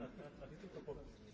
a, a, a,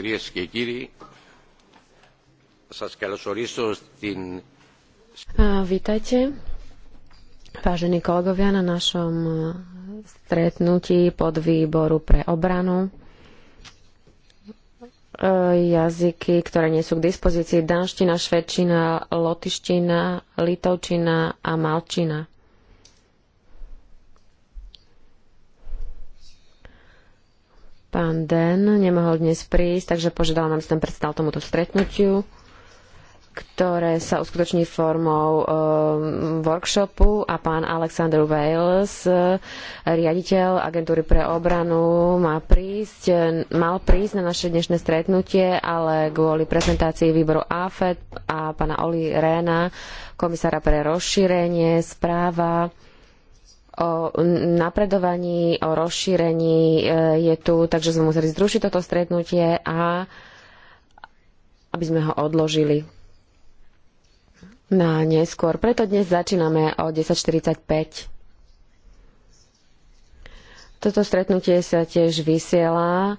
Κυρίες και κύριοι, σας καλωσορίσω στην... Vítajte, vážení κόλγοβια, να νάσομ στρέτνουτι pod výboru pre obranu. E, jazyky, ktoré nie sú k dispozícii, danština, švedčina, lotiština, litovčina a malčina. Pán Den nemohol dnes prísť, takže požiadal nám, aby som predstavil tomuto stretnutiu ktoré sa uskutoční formou um, workshopu a pán Alexander Wales, uh, riaditeľ agentúry pre obranu, má prísť, mal prísť na naše dnešné stretnutie, ale kvôli prezentácii výboru AFED a pána Oli Réna, komisára pre rozšírenie, správa o napredovaní, o rozšírení e, je tu, takže sme museli zrušiť toto stretnutie a aby sme ho odložili na neskôr. Preto dnes začíname o 10.45. Toto stretnutie sa tiež vysiela.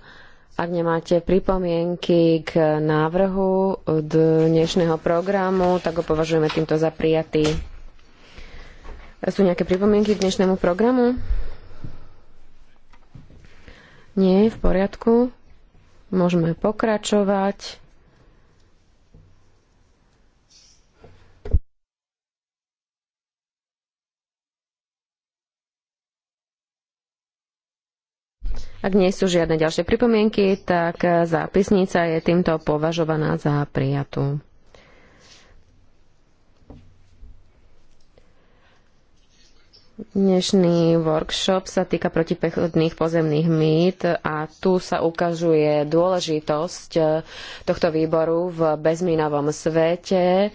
Ak nemáte pripomienky k návrhu dnešného programu, tak ho považujeme týmto za prijatý. Sú nejaké pripomienky k dnešnému programu? Nie, v poriadku. Môžeme pokračovať. Ak nie sú žiadne ďalšie pripomienky, tak zápisnica je týmto považovaná za prijatú. Dnešný workshop sa týka protipechodných pozemných mýt a tu sa ukazuje dôležitosť eh, tohto výboru v bezmínovom svete.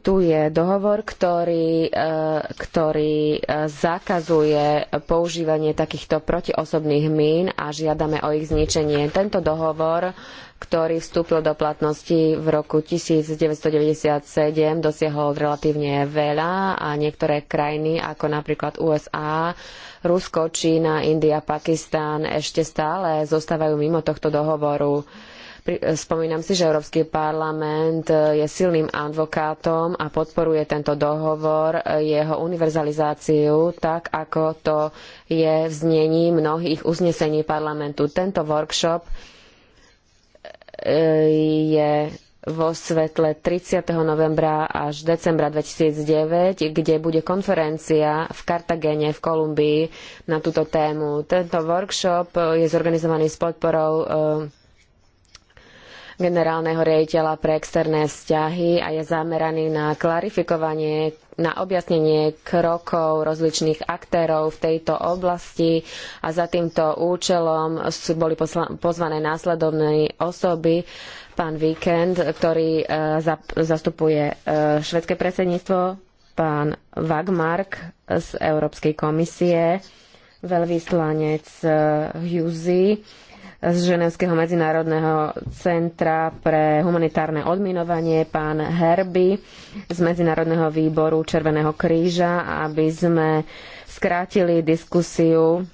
Tu je dohovor, ktorý, eh, ktorý eh, zakazuje používanie takýchto protiosobných mín a žiadame o ich zničenie. Tento dohovor ktorý vstúpil do platnosti v roku 1997, dosiahol relatívne veľa a niektoré krajiny, ako napríklad USA, Rusko, Čína, India, Pakistán, ešte stále zostávajú mimo tohto dohovoru. Spomínam si, že Európsky parlament e, je silným advokátom a podporuje tento dohovor, e, jeho univerzalizáciu, tak ako to je v znení mnohých uznesení parlamentu. Tento workshop je vo svetle 30. novembra až decembra 2009, kde bude konferencia v Kartagene v Kolumbii na túto tému. Tento workshop je zorganizovaný s podporou generálneho riaditeľa pre externé vzťahy a je zameraný na klarifikovanie, na objasnenie krokov rozličných aktérov v tejto oblasti a za týmto účelom sú boli pozvané následovné osoby pán Víkend, ktorý e, zastupuje e, švedské predsedníctvo, pán Wagmark z Európskej komisie, veľvyslanec e, Husey, z Ženevského medzinárodného centra pre humanitárne odminovanie, pán Herby z Medzinárodného výboru Červeného kríža, aby sme skrátili diskusiu.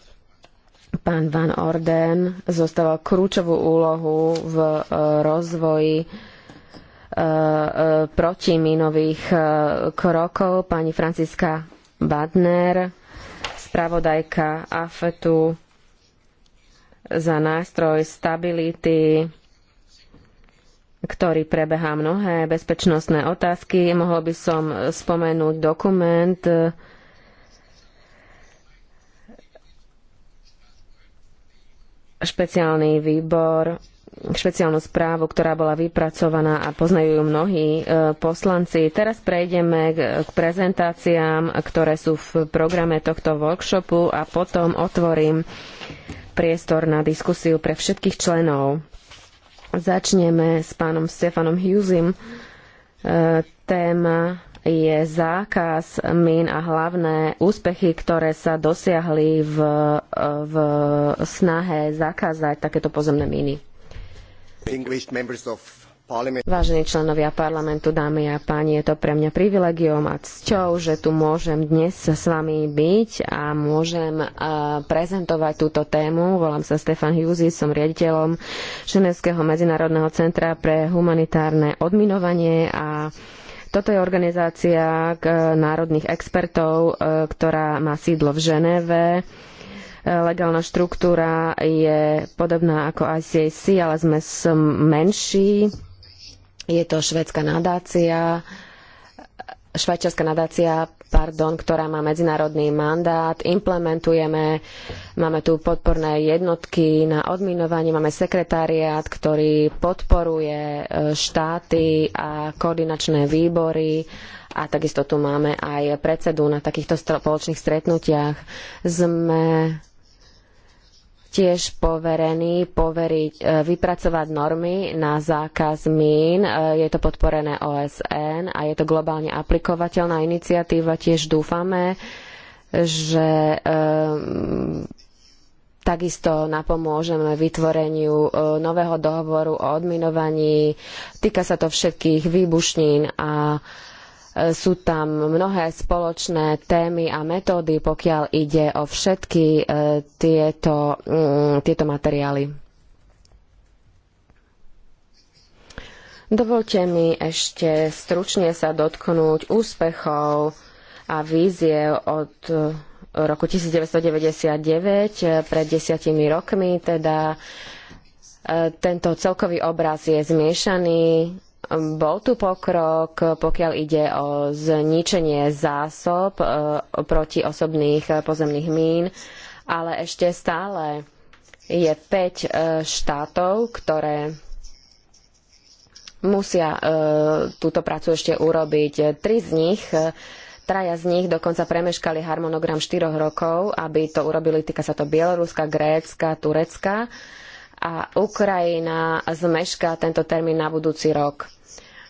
Pán Van Orden zostával kľúčovú úlohu v e, rozvoji e, e, protiminových krokov. Pani Franciska Badner, spravodajka AFETu za nástroj stability, ktorý prebehá mnohé bezpečnostné otázky. Mohol by som spomenúť dokument, špeciálny výbor špeciálnu správu, ktorá bola vypracovaná a poznajú ju mnohí e, poslanci. Teraz prejdeme k prezentáciám, ktoré sú v programe tohto workshopu a potom otvorím priestor na diskusiu pre všetkých členov. Začneme s pánom Stefanom Hughesim. E, téma je zákaz mín a hlavné úspechy, ktoré sa dosiahli v, v snahe zakázať takéto pozemné míny. Vážení členovia parlamentu, dámy a páni, je to pre mňa privilegiom a cťou, že tu môžem dnes s vami byť a môžem eh, prezentovať túto tému. Volám sa Stefan Hughes, som riaditeľom Ženevského medzinárodného centra pre humanitárne odminovanie a toto je organizácia eh, národných expertov, eh, ktorá má sídlo v Ženeve Legálna štruktúra je podobná ako ICAC, ale sme menší. Je to švedská nadácia, švajčiarska nadácia, pardon, ktorá má medzinárodný mandát. Implementujeme, máme tu podporné jednotky na odminovanie, máme sekretariát, ktorý podporuje e, štáty a koordinačné výbory a takisto tu máme aj predsedu na takýchto spoločných stretnutiach. Sme tiež poverený poveriť, e, vypracovať normy na zákaz mín. E, je to podporené OSN a je to globálne aplikovateľná iniciatíva. Tiež dúfame, že e, takisto napomôžeme vytvoreniu nového dohovoru o odminovaní. Týka sa to všetkých výbušnín a uh, E, sú tam mnohé spoločné témy a metódy, pokiaľ ide o všetky e, tieto, mm, tieto materiály. Dovolte mi ešte stručne sa dotknúť úspechov a víziev od e, roku 1999, pred desiatimi rokmi, teda tento celkový obraz je zmiešaný bol tu pokrok, pokiaľ ide o zničenie zásob e, proti osobných e, pozemných mín, ale ešte stále je 5 e, štátov, ktoré musia túto prácu ešte urobiť. Tri z nich Traja z nich dokonca premeškali harmonogram štyroch rokov, aby to urobili, týka sa to Bieloruska, Grécka, Turecka a Ukrajina zmeška tento termín na budúci rok.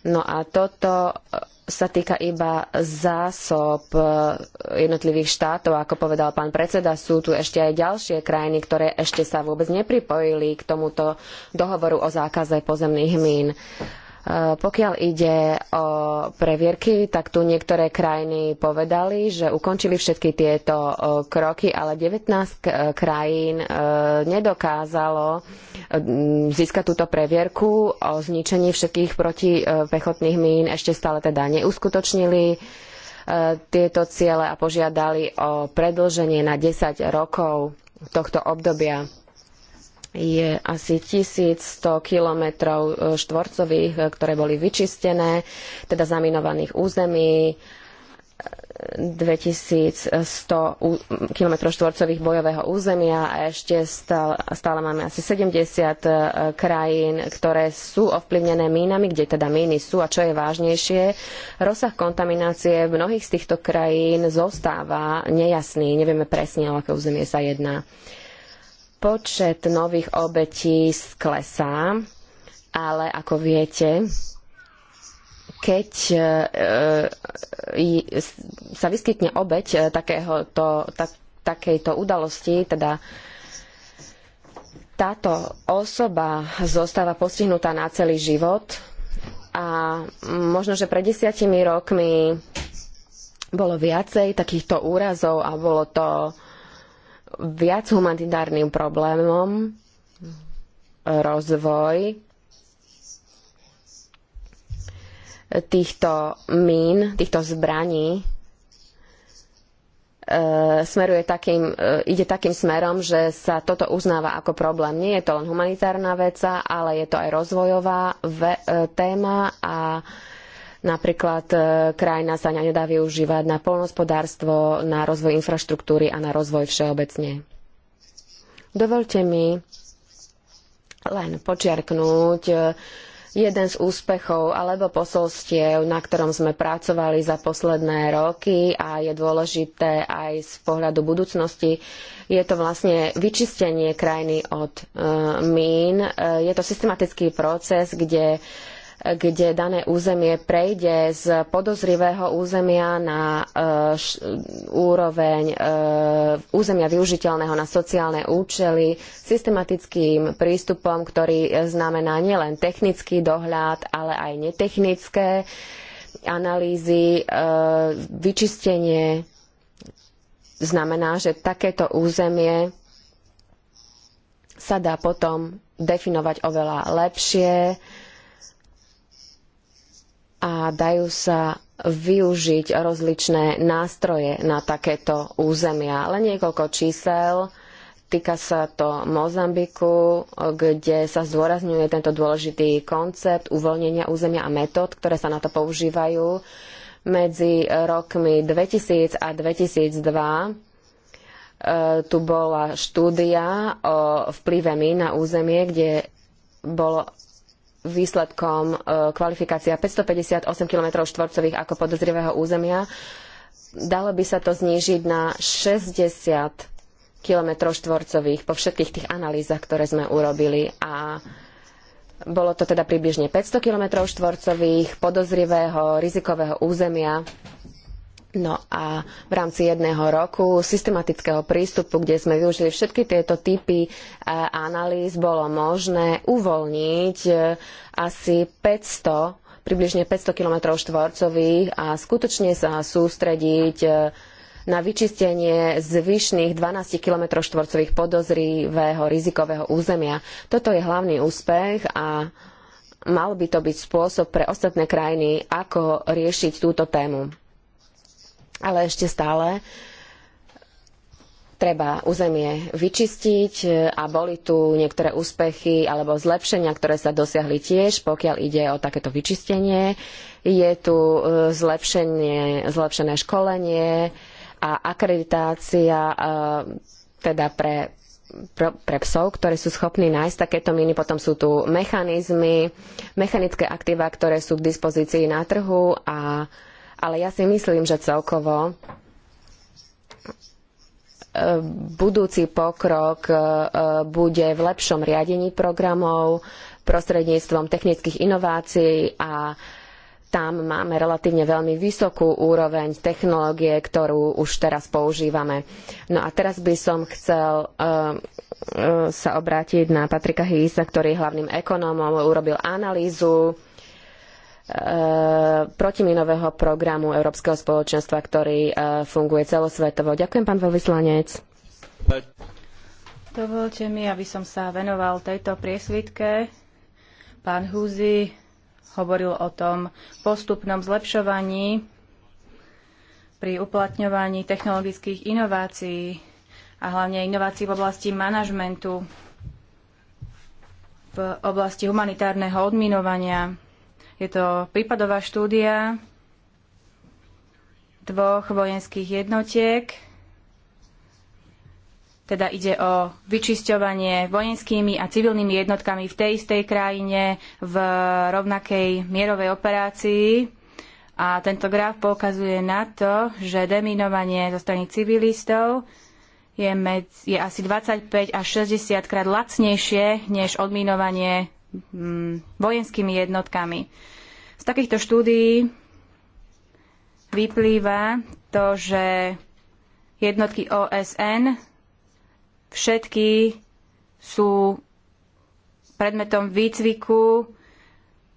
No a toto e, sa týka iba zásob e, jednotlivých štátov. Ako povedal pán predseda, sú tu ešte aj ďalšie krajiny, ktoré ešte sa vôbec nepripojili k tomuto dohovoru o zákaze pozemných mín. Uh, Eh, pokiaľ ide o previerky, tak tu niektoré krajiny povedali, že ukončili všetky tieto eh, kroky, ale 19 eh, krajín nedokázalo získať túto previerku o zničení všetkých protipechotných mín, ešte stále teda neuskutočnili tieto ciele a požiadali o predĺženie na 10 rokov tohto obdobia je asi 1100 kilometrov e, štvorcových, e, ktoré boli vyčistené, teda zaminovaných území, 2100 e, km štvorcových bojového územia a ešte stále, stále máme asi 70 krajín, ktoré sú ovplyvnené mínami, kde teda míny sú a čo je vážnejšie, rozsah kontaminácie v mnohých z týchto krajín zostáva nejasný, nevieme presne, o aké územie sa jedná. Uh, Počet nových obetí sklesá, ale ako viete, keď e, e, sa vyskytne obeť e, takéhoto, takejto udalosti, teda táto osoba zostáva postihnutá na celý život a možno, že pred desiatimi rokmi bolo viacej takýchto úrazov a bolo to viac humanitárnym problémom rozvoj týchto mín, týchto zbraní e, smeruje takým, e, ide takým smerom, že sa toto uznáva ako problém. Nie je to len humanitárna veca, ale je to aj rozvojová e, téma a Napríklad e, krajina sa nedá využívať na poľnohospodárstvo, na rozvoj infraštruktúry a na rozvoj všeobecne. Dovolte mi len počiarknúť e, jeden z úspechov alebo posolstiev, na ktorom sme pracovali za posledné roky a je dôležité aj z pohľadu budúcnosti, je to vlastne vyčistenie krajiny od e, mín. je to systematický proces, kde kde dané územie prejde z podozrivého územia na e, úroveň e, územia využiteľného na sociálne účely systematickým prístupom, ktorý znamená nielen technický dohľad, ale aj netechnické analýzy, e, vyčistenie. Znamená, že takéto územie sa dá potom definovať oveľa lepšie, a dajú sa využiť rozličné nástroje na takéto územia. Len niekoľko čísel. Týka sa to Mozambiku, kde sa zdôrazňuje tento dôležitý koncept uvoľnenia územia a metód, ktoré sa na to používajú. Medzi rokmi 2000 a 2002 e, tu bola štúdia o vplyve mín na územie, kde bolo výsledkom e, kvalifikácia 558 km štvorcových ako podozrivého územia. Dalo by sa to znížiť na 60 km štvorcových po všetkých tých analýzach, ktoré sme urobili a bolo to teda približne 500 km štvorcových podozrivého rizikového územia No a v rámci jedného roku systematického prístupu, kde sme využili všetky tieto typy e, analýz, bolo možné uvoľniť e, asi 500, približne 500 km štvorcových a skutočne sa sústrediť e, na vyčistenie zvyšných 12 km štvorcových podozrivého rizikového územia. Toto je hlavný úspech a mal by to byť spôsob pre ostatné krajiny, ako riešiť túto tému ale ešte stále treba územie vyčistiť e, a boli tu niektoré úspechy alebo zlepšenia, ktoré sa dosiahli tiež, pokiaľ ide o takéto vyčistenie. Je tu e, zlepšenie, zlepšené školenie a akreditácia e, teda pre, pre psov, ktorí sú schopní nájsť takéto miny. Potom sú tu mechanizmy, mechanické aktíva, ktoré sú k dispozícii na trhu a ale ja si myslím, že celkovo e, budúci pokrok e, bude v lepšom riadení programov prostredníctvom technických inovácií a tam máme relatívne veľmi vysokú úroveň technológie, ktorú už teraz používame. No a teraz by som chcel uh, uh, sa obrátiť na Patrika Hýsa, ktorý je hlavným ekonómom, urobil analýzu uh, Eh, protiminového programu Európskeho spoločenstva, ktorý eh, funguje celosvetovo. Ďakujem, pán veľvyslanec. Dovolte mi, aby som sa venoval tejto priesvitke. Pán Húzi hovoril o tom postupnom zlepšovaní pri uplatňovaní technologických inovácií a hlavne inovácií v oblasti manažmentu, v oblasti humanitárneho odminovania je to prípadová štúdia dvoch vojenských jednotiek. Teda ide o vyčisťovanie vojenskými a civilnými jednotkami v tej istej krajine v rovnakej mierovej operácii. A tento graf poukazuje na to, že deminovanie zo strany civilistov je, med, je asi 25 až 60 krát lacnejšie než odminovanie Mm, vojenskými jednotkami. Z takýchto štúdií vyplýva to, že jednotky OSN všetky sú predmetom výcviku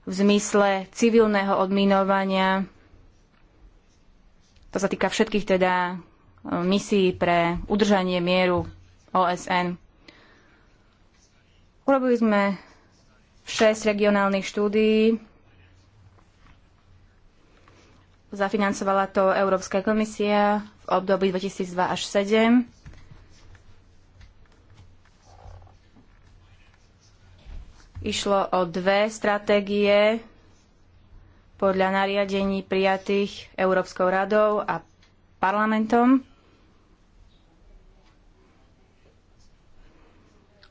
v zmysle civilného odminovania. To sa týka všetkých teda e, misií pre udržanie mieru OSN. Urobili sme 6 regionálnych štúdií. Zafinancovala to Európska komisia v období 2002 až 2007. Išlo o dve stratégie podľa nariadení prijatých Európskou radou a parlamentom.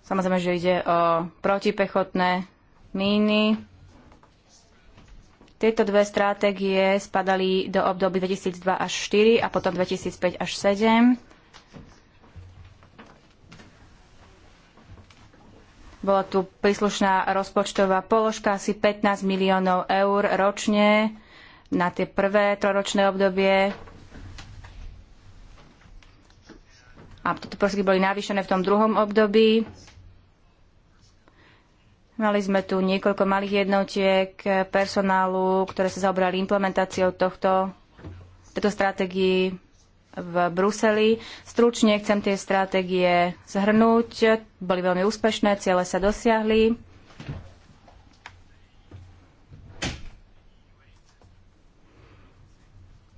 Samozrejme, že ide o protipechotné míny. Tieto dve stratégie spadali do období 2002 až 4 a potom 2005 až 7. Bola tu príslušná rozpočtová položka asi 15 miliónov eur ročne na tie prvé troročné obdobie. A toto prosky boli navýšené v tom druhom období. Mali sme tu niekoľko malých jednotiek personálu, ktoré sa zaobrali implementáciou tohto, tejto stratégii v Bruseli. Stručne chcem tie stratégie zhrnúť. Boli veľmi úspešné, ciele sa dosiahli.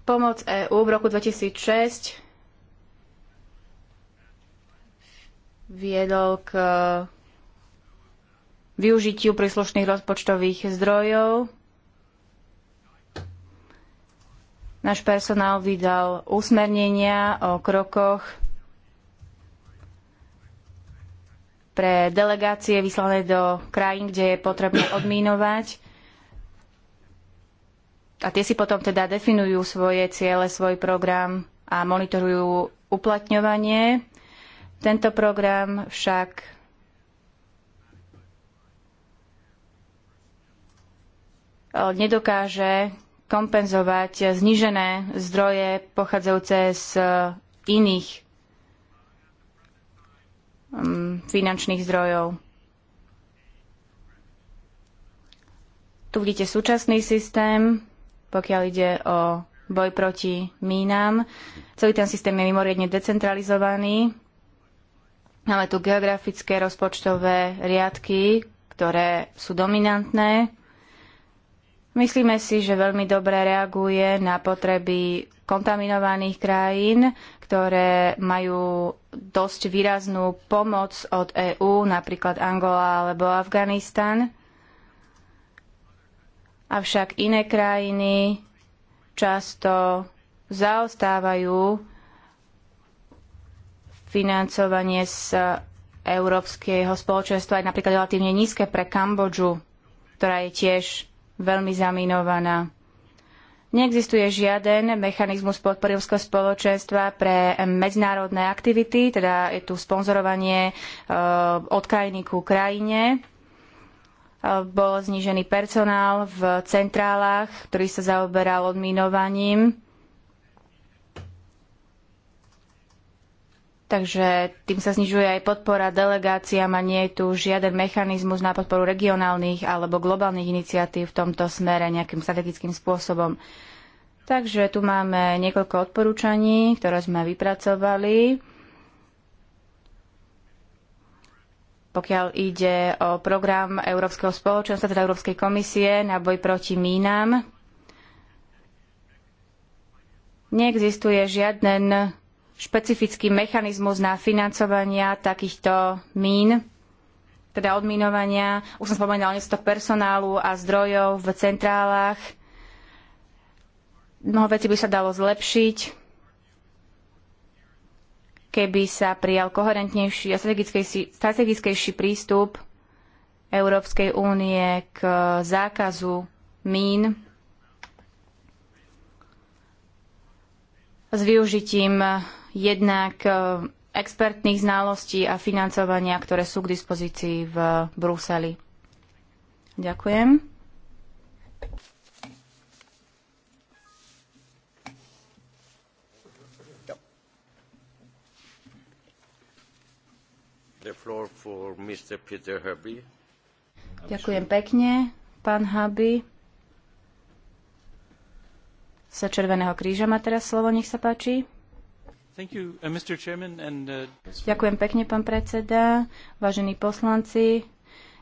Pomoc EÚ v roku 2006 viedol k využitiu príslušných rozpočtových zdrojov. Náš personál vydal usmernenia o krokoch pre delegácie vyslané do krajín, kde je potrebné odmínovať. A tie si potom teda definujú svoje ciele, svoj program a monitorujú uplatňovanie. Tento program však E, nedokáže kompenzovať znížené zdroje pochádzajúce z e, iných finančných zdrojov. Tu vidíte súčasný systém, pokiaľ ide o boj proti mínam. Celý ten systém je mimoriadne decentralizovaný. Máme tu geografické rozpočtové riadky, ktoré sú dominantné Myslíme si, že veľmi dobre reaguje na potreby kontaminovaných krajín, ktoré majú dosť výraznú pomoc od EÚ, napríklad Angola alebo Afganistan. Avšak iné krajiny často zaostávajú financovanie z európskeho spoločenstva aj napríklad relatívne nízke pre Kambodžu, ktorá je tiež veľmi zaminovaná. Neexistuje žiaden mechanizmus podporovského spoločenstva pre medzinárodné aktivity, teda je tu sponzorovanie e, od krajiny ku krajine. E, bol znížený personál v centrálach, ktorý sa zaoberal odminovaním Takže tým sa znižuje aj podpora delegáciám a nie je tu žiaden mechanizmus na podporu regionálnych alebo globálnych iniciatív v tomto smere nejakým strategickým spôsobom. Takže tu máme niekoľko odporúčaní, ktoré sme vypracovali. Pokiaľ ide o program Európskeho spoločenstva, teda Európskej komisie na boj proti mínam, neexistuje žiaden špecifický mechanizmus na financovania takýchto mín, teda odminovania. Už som spomenala niečo personálu a zdrojov v centrálach. Mnoho vecí by sa dalo zlepšiť, keby sa prijal koherentnejší a strategickejší prístup Európskej únie k zákazu mín s využitím jednak e, expertných znalostí a financovania, ktoré sú k dispozícii v Bruseli. Ďakujem. Ďakujem pekne, pán Haby. Sa Červeného kríža má teraz slovo, nech sa páči. Uh, uh, ďakujem pekne, pán predseda, vážení poslanci.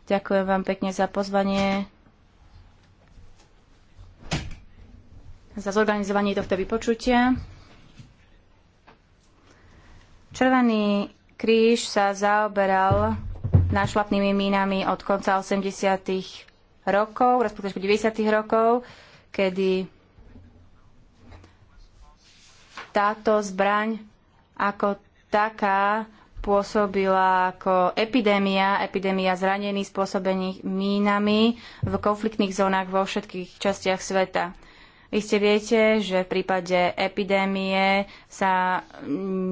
Ďakujem vám pekne za pozvanie, za zorganizovanie tohto vypočutia. Červený kríž sa zaoberal nášlapnými mínami od konca 80. rokov, respektíve 90. rokov, kedy táto zbraň ako taká pôsobila ako epidémia, epidémia zranení spôsobených mínami v konfliktných zónach vo všetkých častiach sveta. ste viete, že v prípade epidémie sa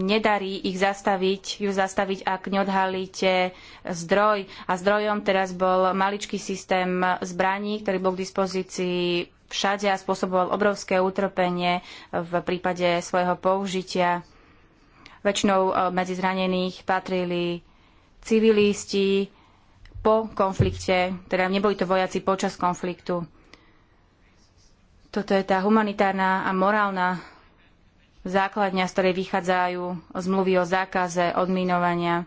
nedarí ich zastaviť, ju zastaviť, ak neodhalíte zdroj. A zdrojom teraz bol maličký systém zbraní, ktorý bol k dispozícii všade a spôsoboval obrovské utrpenie v prípade svojho použitia. Väčšinou e, medzi zranených patrili civilisti po konflikte, teda neboli to vojaci počas konfliktu. Toto je tá humanitárna a morálna základňa, z ktorej vychádzajú zmluvy o zákaze odminovania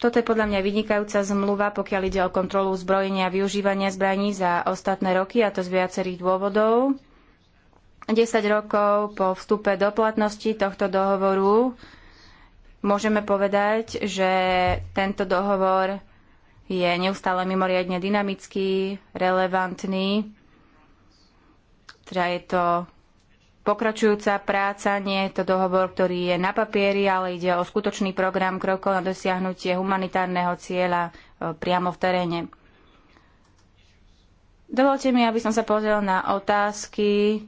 toto je podľa mňa vynikajúca zmluva, pokiaľ ide o kontrolu zbrojenia a využívania zbraní za ostatné roky, a to z viacerých dôvodov. 10 rokov po vstupe do platnosti tohto dohovoru môžeme povedať, že tento dohovor je neustále mimoriadne dynamický, relevantný, teda je to pokračujúca práca, nie je to dohovor, ktorý je na papieri, ale ide o skutočný program krokov na dosiahnutie humanitárneho cieľa e, priamo v teréne. Dovolte mi, aby som sa pozrel na otázky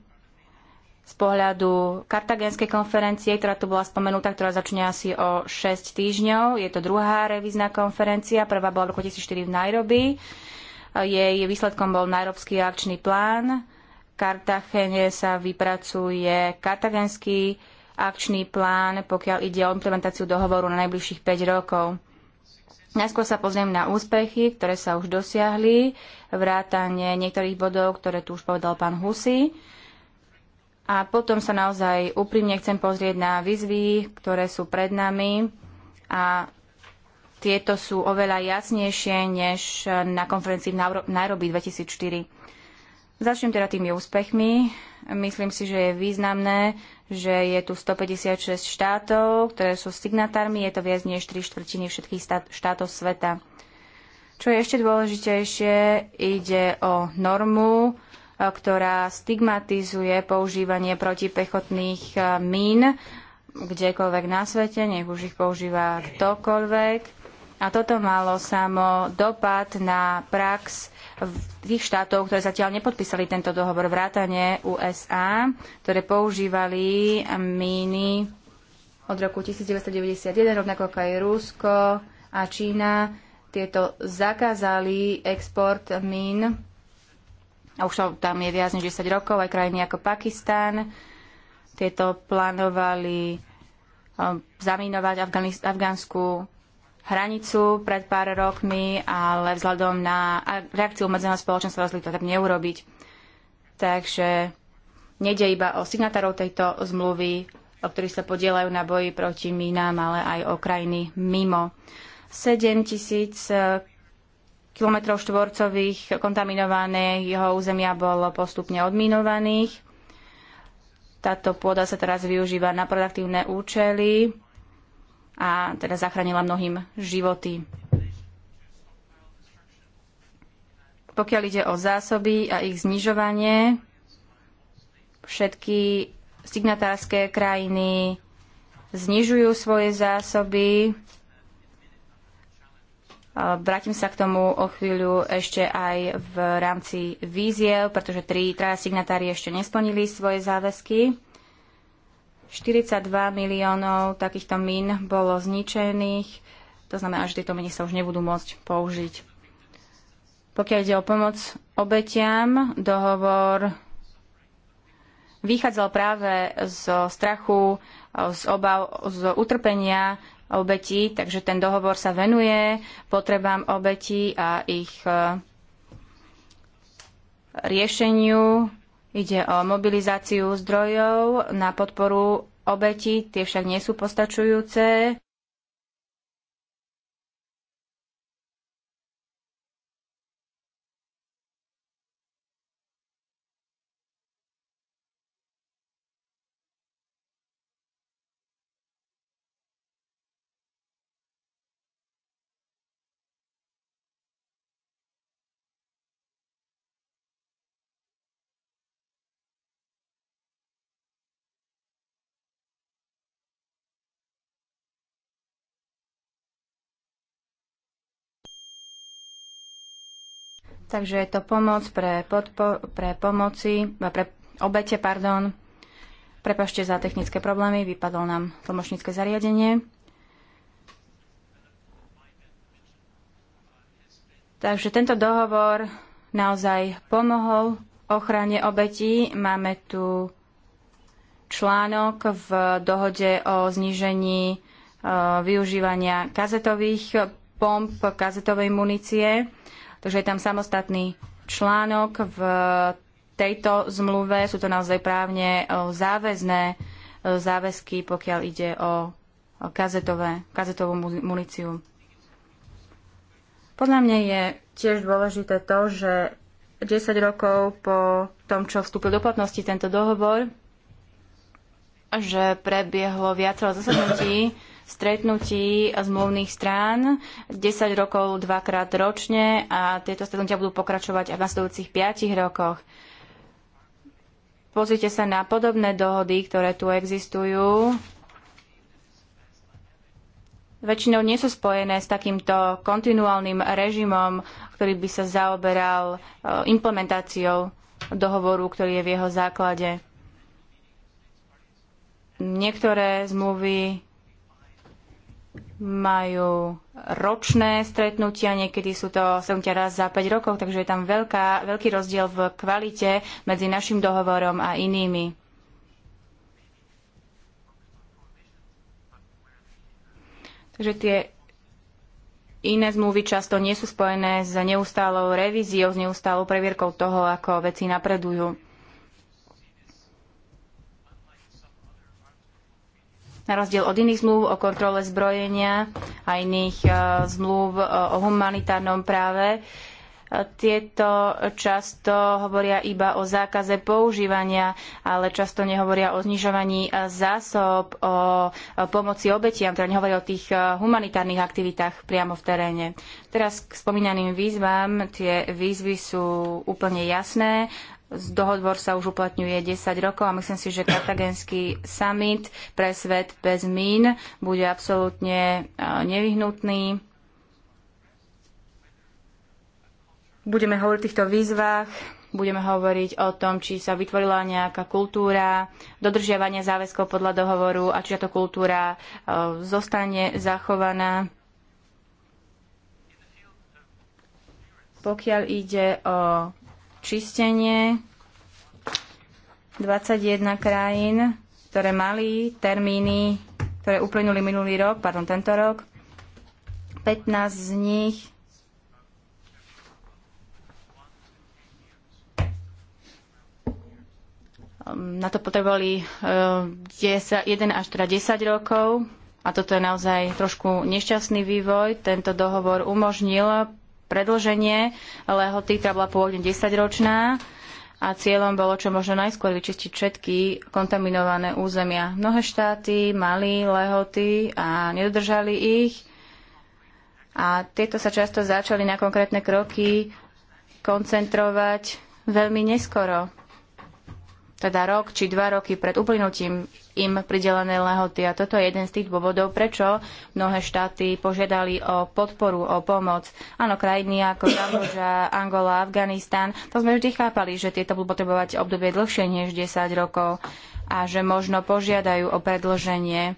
z pohľadu kartagenskej konferencie, ktorá tu bola spomenutá, ktorá začne asi o 6 týždňov. Je to druhá revízna konferencia, prvá bola v roku 2004 v Nairobi. E, jej výsledkom bol Nairobský akčný plán Kartachene sa vypracuje kartagenský akčný plán, pokiaľ ide o implementáciu dohovoru na najbližších 5 rokov. Najskôr sa pozriem na úspechy, ktoré sa už dosiahli, vrátanie niektorých bodov, ktoré tu už povedal pán Husy. A potom sa naozaj úprimne chcem pozrieť na výzvy, ktoré sú pred nami a tieto sú oveľa jasnejšie než na konferencii v Nairobi 2004. Začnem teda tými úspechmi. Myslím si, že je významné, že je tu 156 štátov, ktoré sú signatármi, je to viac než 3 štvrtiny všetkých štátov sveta. Čo je ešte dôležitejšie, ide o normu, e, ktorá stigmatizuje používanie protipechotných e, mín kdekoľvek na svete, nech už ich používa ktokoľvek. A toto malo samo dopad na prax tých štátov, ktoré zatiaľ nepodpísali tento dohovor, vrátane USA, ktoré používali míny od roku 1991, rovnako ako aj Rusko a Čína. Tieto zakázali export mín a už tam je viac než 10 rokov, aj krajiny ako Pakistan. Tieto plánovali eh, zaminovať Afgánsku hranicu pred pár rokmi, ale vzhľadom na reakciu medzeného spoločenstva rozhodli to tak neurobiť. Takže nejde iba o signatárov tejto zmluvy, o ktorých sa podielajú na boji proti mínám, ale aj o krajiny mimo. 7 tisíc e, kilometrov štvorcových jeho územia bolo postupne odminovaných. Táto pôda sa teraz využíva na produktívne účely a teda zachránila mnohým životy. Pokiaľ ide o zásoby a ich znižovanie, všetky signatárske krajiny znižujú svoje zásoby. Vrátim sa k tomu o chvíľu ešte aj v rámci víziev, pretože tri traja signatári ešte nesplnili svoje záväzky. 42 miliónov takýchto mín bolo zničených, to znamená, že tieto miny sa už nebudú môcť použiť. Pokiaľ ide o pomoc obetiam, dohovor vychádzal práve zo strachu, z obav, z utrpenia obetí, takže ten dohovor sa venuje potrebám obetí a ich eh, riešeniu Ide o mobilizáciu zdrojov na podporu obetí, tie však nie sú postačujúce. Takže je to pomoc pre, podpo- pre pomoci, pre obete, pardon. Prepašte za technické problémy, vypadol nám tlmočnícke zariadenie. Takže tento dohovor naozaj pomohol ochrane obetí. Máme tu článok v dohode o znížení e, využívania kazetových pomp, kazetovej munície. Takže je tam samostatný článok v tejto zmluve, sú to naozaj právne e, záväzné e, záväzky, pokiaľ ide o kazetové, kazetovú muníciu. Podľa mňa je tiež dôležité to, že 10 rokov po tom, čo vstúpil do platnosti tento dohovor, že prebiehlo viacero zasadnutí stretnutí zmluvných strán 10 rokov dvakrát ročne a tieto stretnutia budú pokračovať aj v nasledujúcich 5 rokoch. Pozrite sa na podobné dohody, ktoré tu existujú. Väčšinou nie sú spojené s takýmto kontinuálnym režimom, ktorý by sa zaoberal e, implementáciou dohovoru, ktorý je v jeho základe. Niektoré zmluvy majú ročné stretnutia, niekedy sú to stretnutia raz za 5 rokov, takže je tam veľká, veľký rozdiel v kvalite medzi našim dohovorom a inými. Takže tie iné zmluvy často nie sú spojené s neustálou revíziou, s neustálou previerkou toho, ako veci napredujú. na rozdiel od iných zmluv o kontrole zbrojenia a iných e, zmluv e, o humanitárnom práve, e, tieto často hovoria iba o zákaze používania, ale často nehovoria o znižovaní zásob, o pomoci obetiam, teda nehovoria o tých humanitárnych aktivitách priamo v teréne. Teraz k spomínaným výzvam. Tie výzvy sú úplne jasné. Z dohodvor sa už uplatňuje 10 rokov a myslím si, že kartagenský summit pre svet bez mín bude absolútne e, nevyhnutný. Budeme hovoriť o týchto výzvach, budeme hovoriť o tom, či sa vytvorila nejaká kultúra dodržiavania záväzkov podľa dohovoru a či táto kultúra e, zostane zachovaná. Pokiaľ ide o čistenie 21 krajín, ktoré mali termíny, ktoré uplynuli minulý rok, pardon, tento rok. 15 z nich na to potrebovali 10, eh, 1 až teda 10 rokov a toto je naozaj trošku nešťastný vývoj. Tento dohovor umožnil predlženie lehoty, ktorá bola pôvodne 10-ročná a cieľom bolo čo možno najskôr vyčistiť všetky kontaminované územia. Mnohé štáty mali lehoty a nedodržali ich a tieto sa často začali na konkrétne kroky koncentrovať veľmi neskoro teda rok či dva roky pred uplynutím im pridelené lehoty. A toto je jeden z tých dôvodov, prečo mnohé štáty požiadali o podporu, o pomoc. Áno, krajiny ako Kambodža, Angola, Afganistan, to sme vždy chápali, že tieto budú potrebovať obdobie dlhšie než 10 rokov a že možno požiadajú o predlženie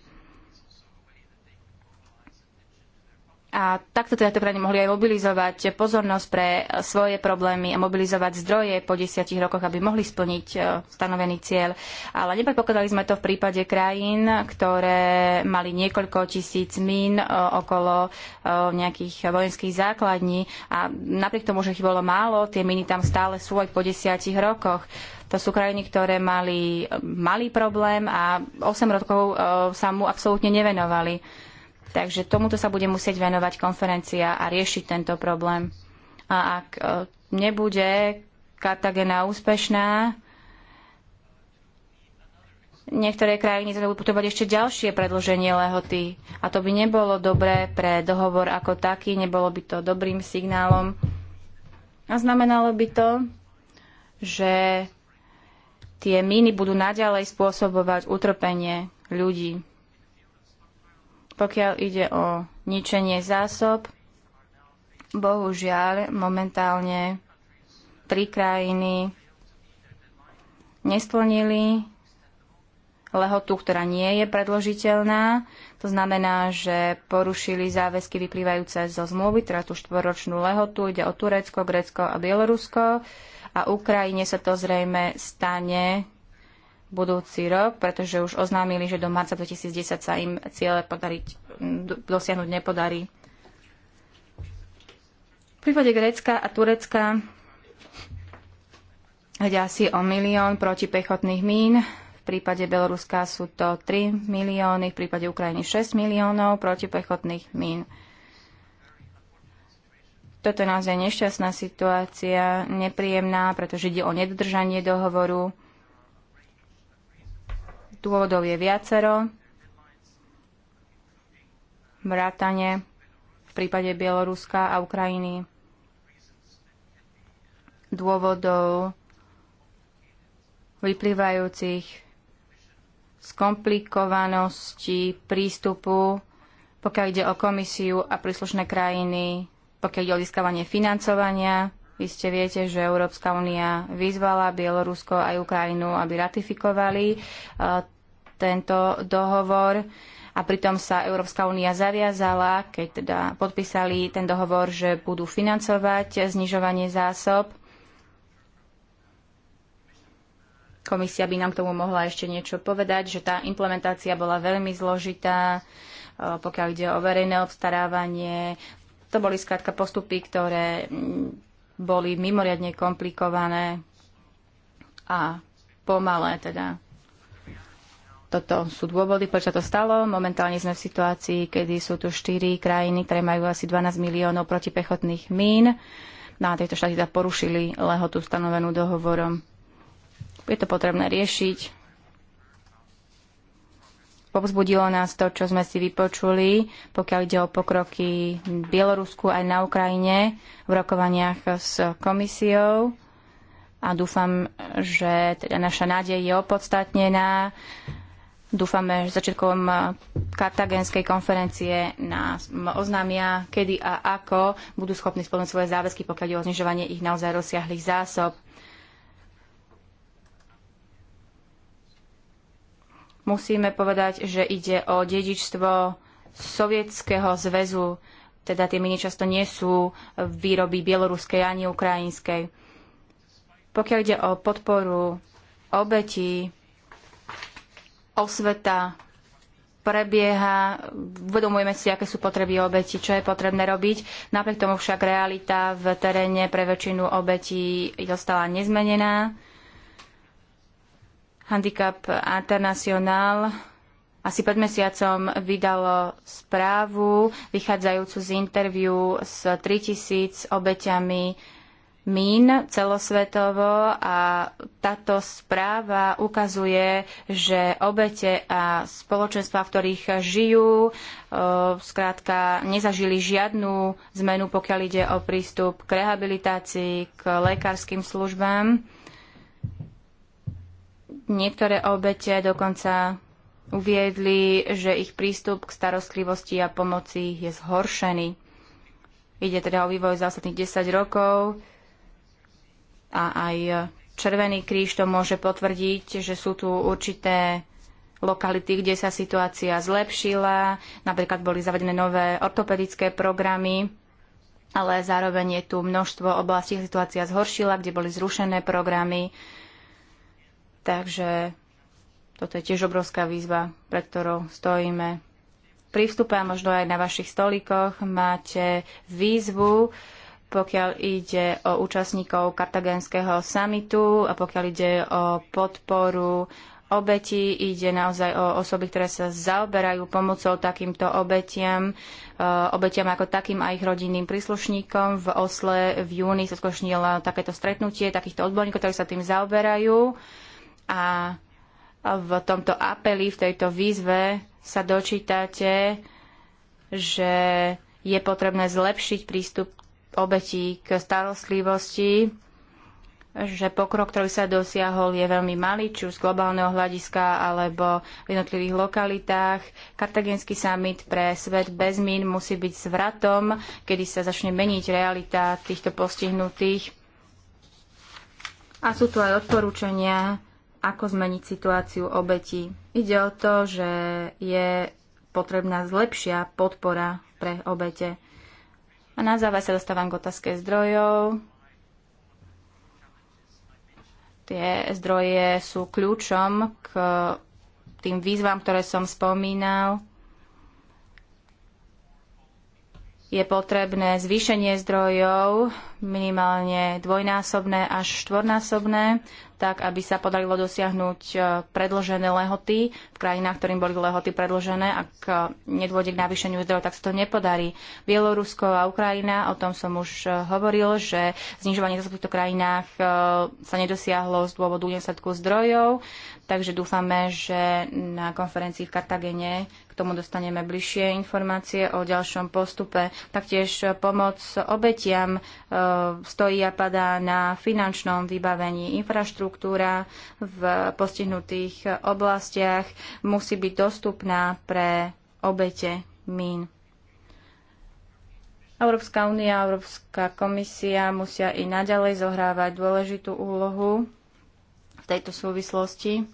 a takto teda krajiny mohli aj mobilizovať pozornosť pre svoje problémy a mobilizovať zdroje po desiatich rokoch, aby mohli splniť e, stanovený cieľ. Ale nepredpokladali sme to v prípade krajín, ktoré mali niekoľko tisíc mín e, okolo e, nejakých vojenských základní a napriek tomu, že ich bolo málo, tie míny tam stále sú aj po desiatich rokoch. To sú krajiny, ktoré mali malý problém a 8 rokov sa mu absolútne nevenovali. Takže tomuto sa bude musieť venovať konferencia a riešiť tento problém. A ak e, nebude Kartagena úspešná, niektoré krajiny budú potrebovať ešte ďalšie predloženie lehoty. A to by nebolo dobré pre dohovor ako taký, nebolo by to dobrým signálom. A znamenalo by to, že tie míny budú naďalej spôsobovať utrpenie ľudí. Pokiaľ ide o ničenie zásob, bohužiaľ momentálne tri krajiny nesplnili lehotu, ktorá nie je predložiteľná. To znamená, že porušili záväzky vyplývajúce zo zmluvy, teda tú štvoročnú lehotu. Ide o Turecko, Grécko a Bielorusko. A Ukrajine sa to zrejme stane budúci rok, pretože už oznámili, že do marca 2010 sa im ciele podariť, dosiahnuť nepodarí. V prípade Grécka a Turecka hľadia asi o milión protipechotných mín, v prípade Beloruska sú to 3 milióny, v prípade Ukrajiny 6 miliónov protipechotných mín. Toto je naozaj nešťastná situácia, nepríjemná, pretože ide o nedodržanie dohovoru Dôvodov je viacero. Vrátane v prípade Bieloruska a Ukrajiny. Dôvodov vyplývajúcich z komplikovanosti prístupu, pokiaľ ide o komisiu a príslušné krajiny, pokiaľ ide o získavanie financovania. Vy ste viete, že Európska únia vyzvala Bielorusko aj Ukrajinu, aby ratifikovali eh, tento dohovor a pritom sa Európska únia zaviazala, keď teda podpísali ten dohovor, že budú financovať znižovanie zásob. Komisia by nám k tomu mohla ešte niečo povedať, že tá implementácia bola veľmi zložitá, e, pokiaľ ide o verejné obstarávanie. To boli skrátka postupy, ktoré mm, boli mimoriadne komplikované a pomalé teda. Toto sú dôvody, prečo to stalo. Momentálne sme v situácii, kedy sú tu štyri krajiny, ktoré majú asi 12 miliónov protipechotných mín. Na no tejto štáty porušili lehotu stanovenú dohovorom. Je to potrebné riešiť. Povzbudilo nás to, čo sme si vypočuli, pokiaľ ide o pokroky v Bielorusku aj na Ukrajine v rokovaniach s komisiou. A dúfam, že teda naša nádej je opodstatnená Dúfame, že začiatkom eh, kartagenskej konferencie nás oznámia, kedy a ako budú schopní splniť svoje záväzky, pokiaľ je o znižovanie ich naozaj rozsiahlých zásob. Musíme povedať, že ide o dedičstvo Sovietskeho zväzu, teda tie miny často nie sú výroby bieloruskej ani ukrajinskej. Pokiaľ ide o podporu obetí osveta prebieha, uvedomujeme si, aké sú potreby obeti, čo je potrebné robiť. Napriek tomu však realita v teréne pre väčšinu obetí zostala nezmenená. Handicap International asi pred mesiacom vydalo správu vychádzajúcu z interviu s 3000 obeťami mín celosvetovo a táto správa ukazuje, že obete a spoločenstva, v ktorých žijú, zkrátka nezažili žiadnu zmenu, pokiaľ ide o prístup k rehabilitácii, k lekárskym službám. Niektoré obete dokonca uviedli, že ich prístup k starostlivosti a pomoci je zhoršený. Ide teda o vývoj za ostatných 10 rokov a aj Červený kríž to môže potvrdiť, že sú tu určité lokality, kde sa situácia zlepšila, napríklad boli zavedené nové ortopedické programy, ale zároveň je tu množstvo oblastí, kde situácia zhoršila, kde boli zrušené programy. Takže toto je tiež obrovská výzva, pred ktorou stojíme. Pri vstupe a možno aj na vašich stolíkoch máte výzvu, pokiaľ ide o účastníkov kartagénskeho samitu a pokiaľ ide o podporu obetí, ide naozaj o osoby, ktoré sa zaoberajú pomocou takýmto obetiam, eh, obetiam ako takým a ich rodinným príslušníkom. V Osle v júni sa skočnilo takéto stretnutie takýchto odborníkov, ktorí sa tým zaoberajú a v tomto apeli, v tejto výzve sa dočítate, že je potrebné zlepšiť prístup obetí k starostlivosti, že pokrok, ktorý sa dosiahol, je veľmi malý, či už z globálneho hľadiska alebo v jednotlivých lokalitách. Kartagenský summit pre svet bez mín musí byť zvratom, kedy sa začne meniť realita týchto postihnutých. A sú tu aj odporúčania, ako zmeniť situáciu obetí. Ide o to, že je potrebná zlepšia podpora pre obete. A na záver sa dostávam k otázke zdrojov. Tie zdroje sú kľúčom k tým výzvam, ktoré som spomínal. Je potrebné zvýšenie zdrojov, minimálne dvojnásobné až štvornásobné tak, aby sa podarilo dosiahnuť e, predložené lehoty v krajinách, ktorým boli lehoty predložené. Ak e, nedôjde k navýšeniu zdrojov, tak sa to nepodarí. Bielorusko a Ukrajina, o tom som už e, hovoril, že znižovanie v týchto krajinách sa nedosiahlo z dôvodu nedostatku zdrojov. Takže dúfame, že na konferencii v Kartagene k tomu dostaneme bližšie informácie o ďalšom postupe. Taktiež pomoc obetiam e, stojí a padá na finančnom vybavení. Infraštruktúra v postihnutých oblastiach musí byť dostupná pre obete mín. Európska únia a Európska komisia musia i naďalej zohrávať dôležitú úlohu v tejto súvislosti.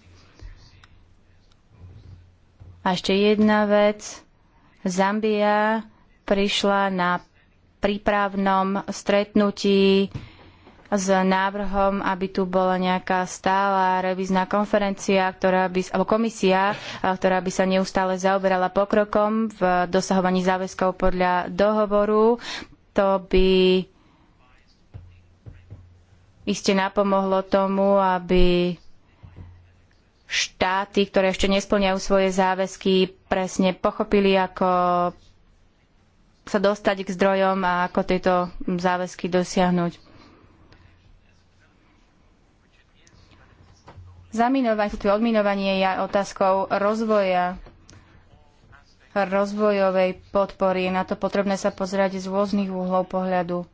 A ešte jedna vec. Zambia prišla na prípravnom stretnutí s návrhom, aby tu bola nejaká stála revízna konferencia, ktorá by, alebo komisia, ktorá by sa neustále zaoberala pokrokom v dosahovaní záväzkov podľa dohovoru. To by iste napomohlo tomu, aby štáty, ktoré ešte nesplňajú svoje záväzky, presne pochopili, ako sa dostať k zdrojom a ako tieto záväzky dosiahnuť. Zaminovanie, odminovanie je otázkou rozvoja rozvojovej podpory. je Na to potrebné sa pozrieť z rôznych úhlov pohľadu.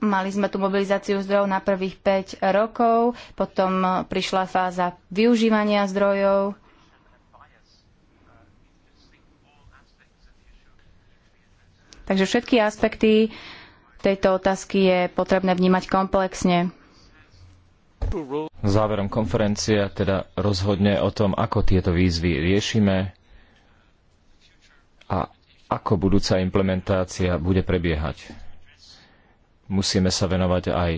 Mali sme tu mobilizáciu zdrojov na prvých 5 rokov, potom prišla fáza využívania zdrojov. Takže všetky aspekty tejto otázky je potrebné vnímať komplexne. Záverom konferencia teda rozhodne o tom, ako tieto výzvy riešime a ako budúca implementácia bude prebiehať. Musíme sa venovať aj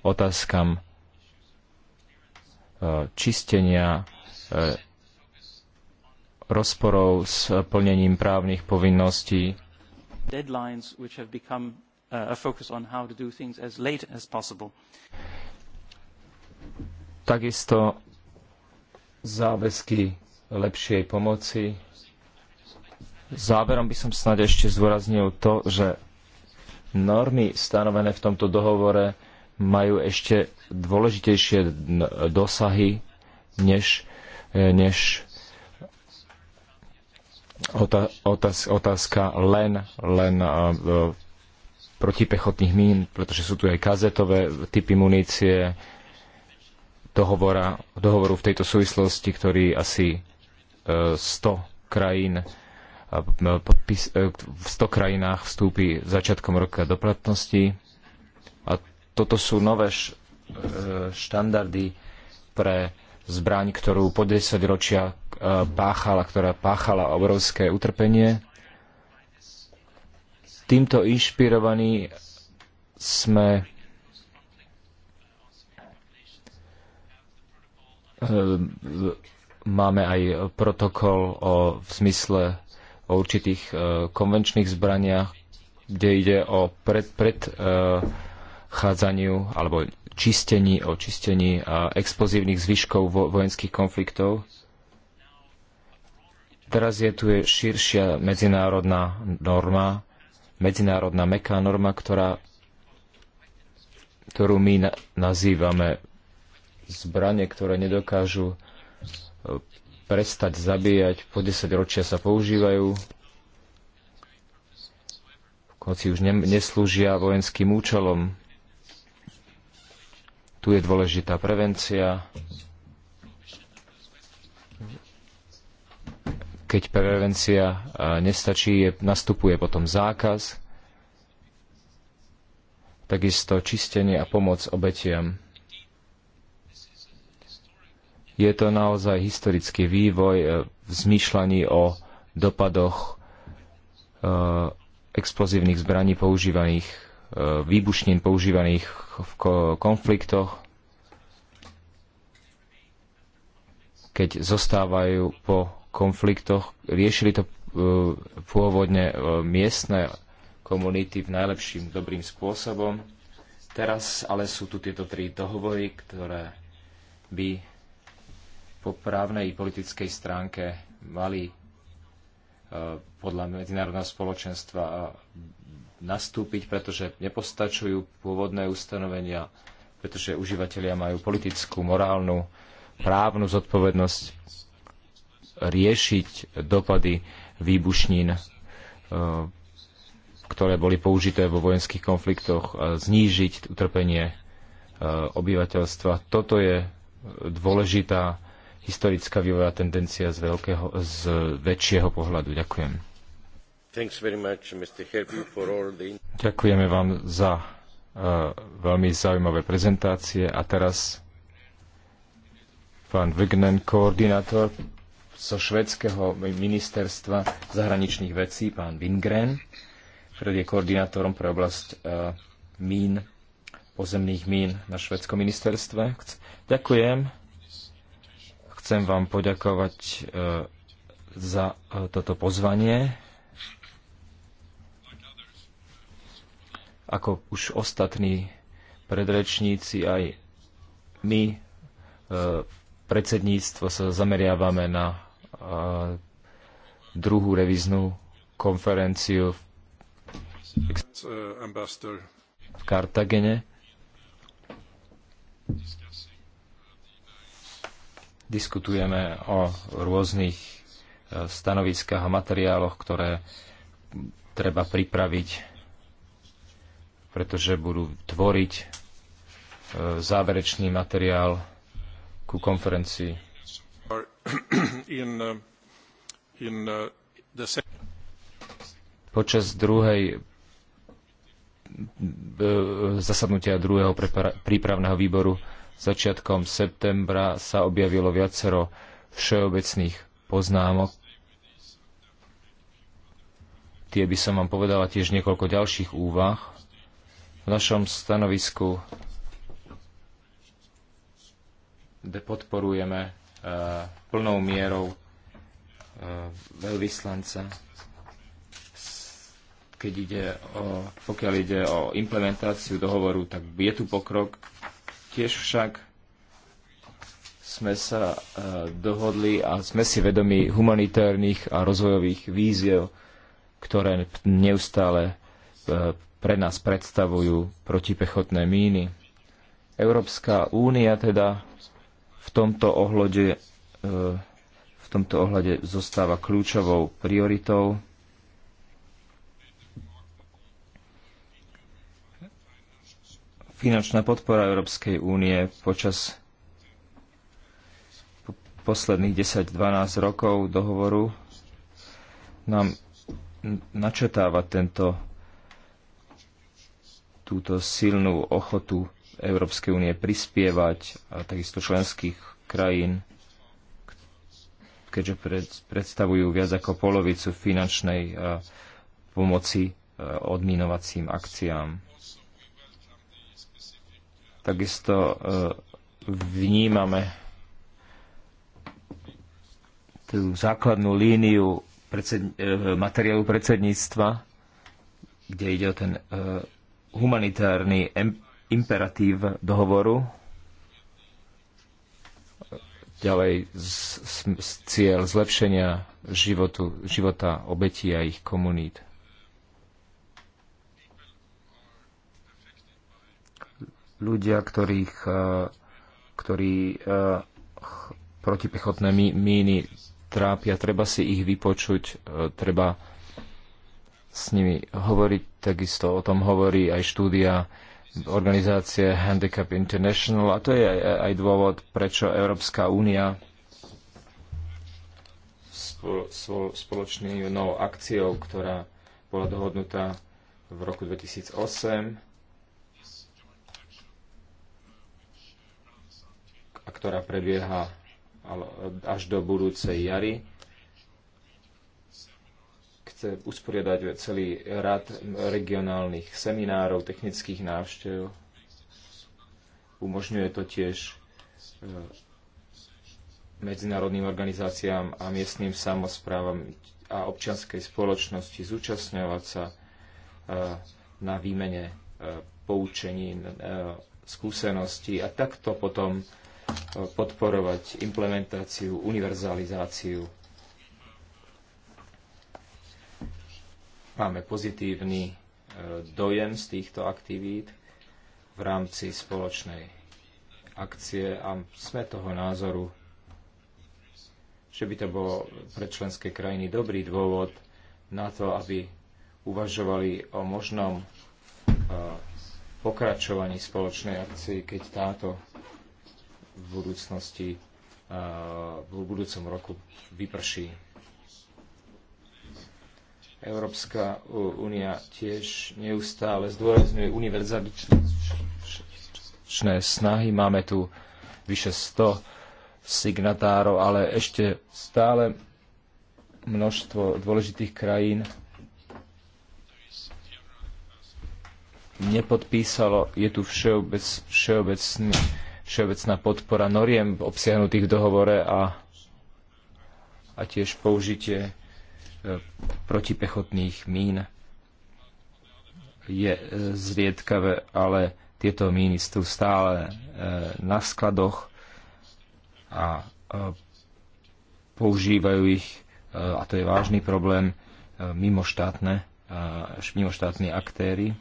otázkam e, čistenia e, rozporov s plnením právnych povinností. Uh, Takisto záväzky lepšej pomoci. Záverom by som snad ešte zdôraznil to, že normy stanovené v tomto dohovore majú ešte dôležitejšie dosahy, než, e, než otázka len, len e, protipechotných mín, pretože sú tu aj kazetové typy munície dohovora, dohovoru v tejto súvislosti, ktorý asi 100 e, krajín E, podpis, e, v 100 krajinách vstúpi začiatkom roka do platnosti. A toto sú nové e, štandardy pre zbraň, ktorú po 10 ročia páchala, ktorá páchala obrovské utrpenie. Týmto inšpirovaní sme máme aj protokol o, v zmysle o určitých e, konvenčných zbraniach, kde ide o pred, predchádzaniu e, alebo čistení, o čistení explozívnych zvyškov vo, vojenských konfliktov. Teraz je tu je širšia medzinárodná norma, medzinárodná meká norma, ktorá, ktorú my na, nazývame zbranie, ktoré nedokážu e, prestať zabíjať, po 10 ročia sa používajú, hoci už ne, neslúžia vojenským účelom. Tu je dôležitá prevencia. Keď prevencia nestačí, je, nastupuje potom zákaz. Takisto čistenie a pomoc obetiam. Je to naozaj historický vývoj e, v zmýšľaní o dopadoch e, explozívnych zbraní používaných, e, výbušnín používaných v konfliktoch, keď zostávajú po konfliktoch. Riešili to pôvodne miestne komunity v najlepším dobrým spôsobom. Teraz ale sú tu tieto tri dohovory, ktoré by po právnej i politickej stránke mali e, podľa medzinárodného spoločenstva nastúpiť, pretože nepostačujú pôvodné ustanovenia, pretože užívateľia majú politickú, morálnu, právnu zodpovednosť riešiť dopady výbušnín, e, ktoré boli použité vo vojenských konfliktoch, znížiť utrpenie e, obyvateľstva. Toto je dôležitá historická vývojová tendencia z, veľkého, z väčšieho pohľadu. Ďakujem. Much, the... Ďakujeme vám za uh, veľmi zaujímavé prezentácie a teraz pán Vignen, koordinátor zo švedského ministerstva zahraničných vecí, pán Wingren, ktorý je koordinátorom pre oblasť uh, mín, pozemných mín na švedskom ministerstve. Ďakujem. Chcem vám poďakovať e, za e, toto pozvanie. Ako už ostatní predrečníci, aj my, e, predsedníctvo, sa zameriavame na druhú reviznú konferenciu v Kartagene. Diskutujeme o rôznych e, stanoviskách a materiáloch, ktoré treba pripraviť, pretože budú tvoriť e, záverečný materiál ku konferencii. Uh, uh, Počas druhej e, zasadnutia druhého prípravného výboru Začiatkom septembra sa objavilo viacero všeobecných poznámok. Tie by som vám povedala tiež niekoľko ďalších úvah. V našom stanovisku podporujeme e, plnou mierou e, veľvyslanca, keď ide o, pokiaľ ide o implementáciu dohovoru, tak je tu pokrok, Tiež však sme sa e, dohodli a sme si vedomi humanitárnych a rozvojových víziev, ktoré neustále e, pre nás predstavujú protipechotné míny. Európska únia teda v tomto ohľade, e, v tomto ohľade zostáva kľúčovou prioritou finančná podpora Európskej únie počas posledných 10-12 rokov dohovoru nám načetáva tento, túto silnú ochotu Európskej únie prispievať a takisto členských krajín, keďže predstavujú viac ako polovicu finančnej pomoci odminovacím akciám. Takisto e, vnímame tú základnú líniu predsed, e, materiálu predsedníctva, kde ide o ten e, humanitárny imperatív dohovoru. Ďalej z, z, cieľ zlepšenia životu, života obetí a ich komunít. ľudia, ktorých, eh, ktorí eh, protipechotné míny trápia, treba si ich vypočuť, eh, treba s nimi hovoriť. Takisto o tom hovorí aj štúdia organizácie Handicap International a to je aj, dôvod, prečo Európska únia spoločnou akciou, ktorá bola dohodnutá v roku 2008, ktorá prebieha až do budúcej jary. Chce usporiadať celý rad regionálnych seminárov, technických návštev. Umožňuje to tiež e, medzinárodným organizáciám a miestnym samozprávam a občianskej spoločnosti zúčastňovať sa e, na výmene e, poučení, skúseností a takto potom podporovať implementáciu, univerzalizáciu. Máme pozitívny e, dojem z týchto aktivít v rámci spoločnej akcie a sme toho názoru, že by to bolo pre členské krajiny dobrý dôvod na to, aby uvažovali o možnom e, pokračovaní spoločnej akcie, keď táto v budúcnosti, v budúcom roku vyprší. Európska únia tiež neustále zdôrazňuje univerzálne snahy. Máme tu vyše 100 signatárov, ale ešte stále množstvo dôležitých krajín nepodpísalo. Je tu všeobec, všeobecný všeobecná podpora noriem obsiahnutých v dohovore a, a tiež použitie e, protipechotných mín je e, zriedkavé, ale tieto míny sú stále e, na skladoch a používajú ich, a to je vážny problém, mimoštátne, mimoštátni aktéry.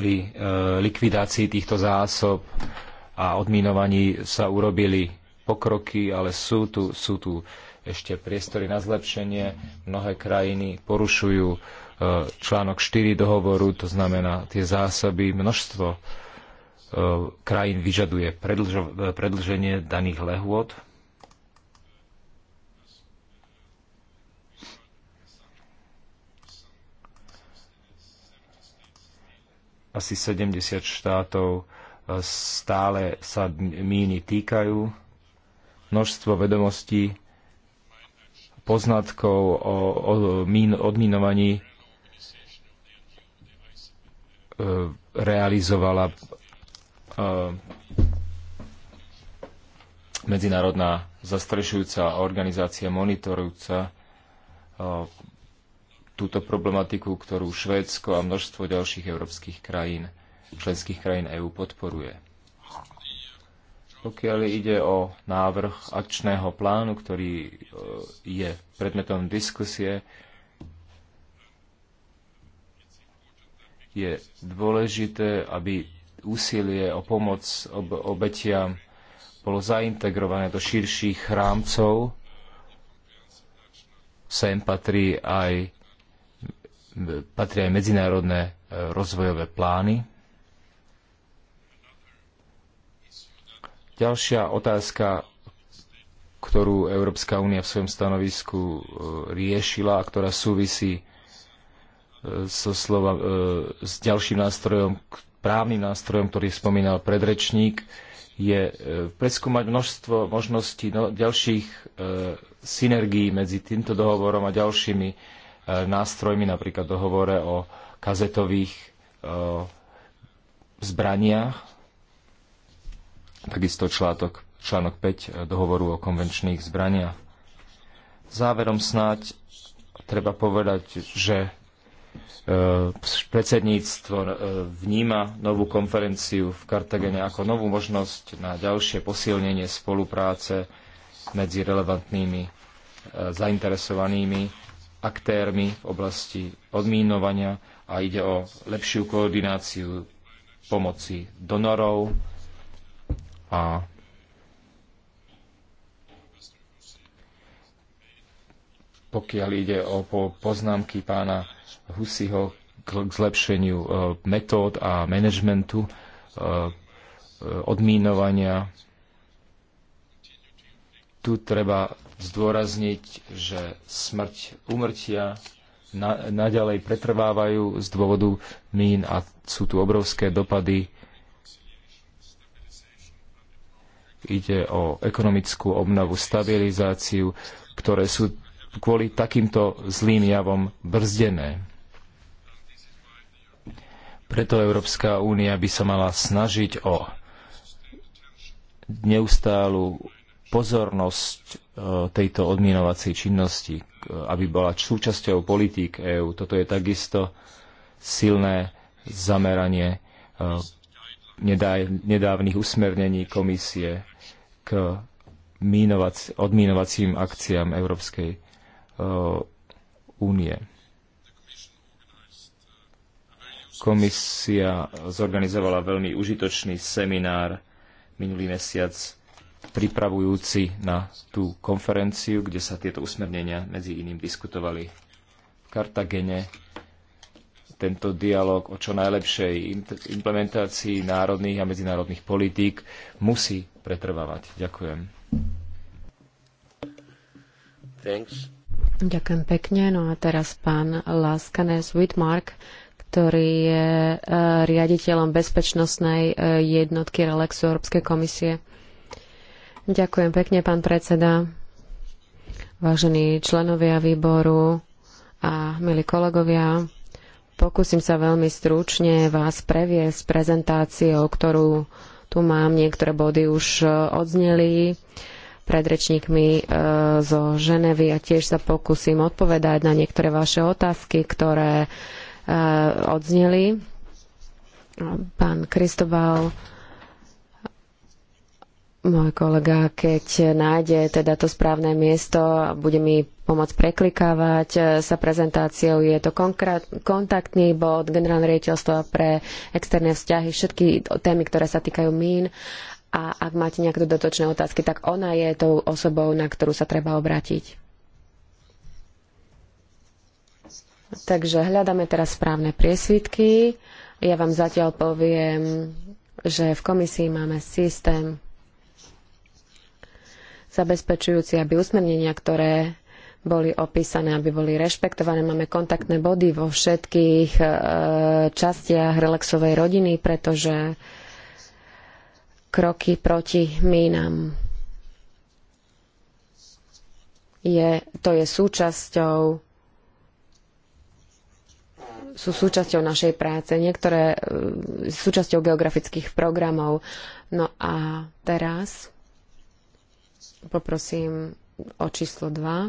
pri e, likvidácii týchto zásob a odminovaní sa urobili pokroky, ale sú tu, sú tu ešte priestory na zlepšenie. Mnohé krajiny porušujú e, článok 4 dohovoru, to znamená tie zásoby, množstvo e, krajín vyžaduje predlženie daných lehôd, asi 70 štátov e, stále sa míny týkajú. Množstvo vedomostí, poznatkov o, o mín, odminovaní e, realizovala e, medzinárodná zastrešujúca organizácia monitorujúca túto problematiku, ktorú Švédsko a množstvo ďalších európskych krajín, členských krajín EÚ podporuje. Pokiaľ ide o návrh akčného plánu, ktorý e, je predmetom diskusie, je dôležité, aby úsilie o pomoc ob- obetiam bolo zaintegrované do širších rámcov. Sem patrí aj patria aj medzinárodné e, rozvojové plány. Ďalšia otázka, ktorú Európska únia v svojom stanovisku e, riešila a ktorá súvisí e, so slova, s ďalším nástrojom, právnym nástrojom, ktorý spomínal predrečník, je preskúmať množstvo možností no, ďalších synergií medzi týmto dohovorom a ďalšími E, nástrojmi, napríklad dohovore o kazetových e, zbraniach, takisto článok, článok 5 e, dohovoru o konvenčných zbraniach. Záverom snáď treba povedať, že predsedníctvo vníma novú konferenciu v Kartagene ako novú možnosť na ďalšie posilnenie spolupráce medzi relevantnými zainteresovanými aktérmi v oblasti odmínovania a ide o lepšiu koordináciu pomoci donorov a pokiaľ ide o poznámky pána Husiho k zlepšeniu e, metód a manažmentu e, e, odmínovania, tu treba zdôrazniť, že smrť, umrtia na, naďalej pretrvávajú z dôvodu mín a sú tu obrovské dopady. Ide o ekonomickú obnovu, stabilizáciu, ktoré sú kvôli takýmto zlým javom brzdené. Preto Európska únia by sa mala snažiť o neustálu pozornosť e, tejto odminovacej činnosti, aby bola súčasťou politík EÚ. Toto je takisto silné zameranie e, nedávnych usmernení komisie k odminovacím akciám Európskej e, únie. Komisia zorganizovala veľmi užitočný seminár minulý mesiac pripravujúci na tú konferenciu, kde sa tieto usmernenia medzi iným diskutovali v Kartagene. Tento dialog o čo najlepšej implementácii národných a medzinárodných politík musí pretrvávať. Ďakujem. Thanks. Ďakujem pekne. No a teraz pán Laskanes Whitmark, ktorý je eh, riaditeľom bezpečnostnej eh, jednotky Relaxu Európskej komisie. Ďakujem pekne, pán predseda, vážení členovia výboru a milí kolegovia. Pokúsim sa veľmi stručne vás previesť prezentáciou, ktorú tu mám. Niektoré body už e, odzneli pred rečníkmi e, zo Ženevy a tiež sa pokúsim odpovedať na niektoré vaše otázky, ktoré e, odzneli. Pán Kristobal môj kolega, keď nájde teda to správne miesto a bude mi pomôcť preklikávať e, sa prezentáciou, je to kontaktný bod generálne riaditeľstva pre externé vzťahy, všetky témy, ktoré sa týkajú mín a ak máte nejaké dotočné otázky, tak ona je tou osobou, na ktorú sa treba obrátiť. Takže hľadáme teraz správne priesvitky. Ja vám zatiaľ poviem, že v komisii máme systém zabezpečujúci, aby usmernenia, ktoré boli opísané, aby boli rešpektované. Máme kontaktné body vo všetkých e, častiach relaxovej rodiny, pretože kroky proti mínam je, to je súčasťou sú súčasťou našej práce, niektoré e, súčasťou geografických programov. No a teraz Poprosím o číslo 2.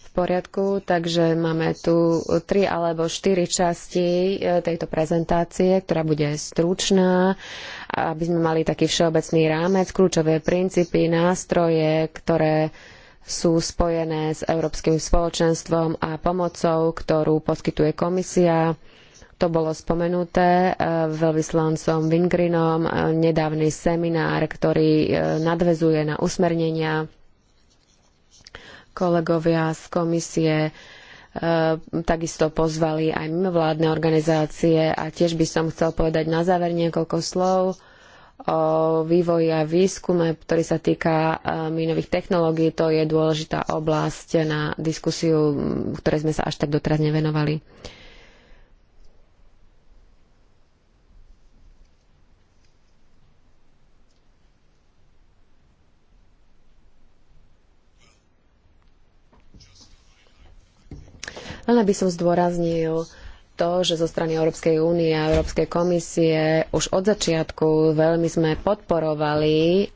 V poriadku, takže máme tu tri alebo štyri časti e, tejto prezentácie, ktorá bude stručná, aby sme mali taký všeobecný rámec, kľúčové princípy, nástroje, ktoré sú spojené s Európskym spoločenstvom a pomocou, ktorú poskytuje komisia to bolo spomenuté e, veľvyslancom Wingrinom, e, nedávny seminár, ktorý e, nadvezuje na usmernenia kolegovia z komisie takisto pozvali aj mimovládne organizácie a tiež by som chcel povedať na záver niekoľko slov o vývoji a výskume, ktorý sa týka minových technológií. To je dôležitá oblasť na diskusiu, ktorej sme sa až tak doteraz nevenovali. Len aby som zdôraznil to, že zo strany Európskej únie a Európskej komisie už od začiatku veľmi sme podporovali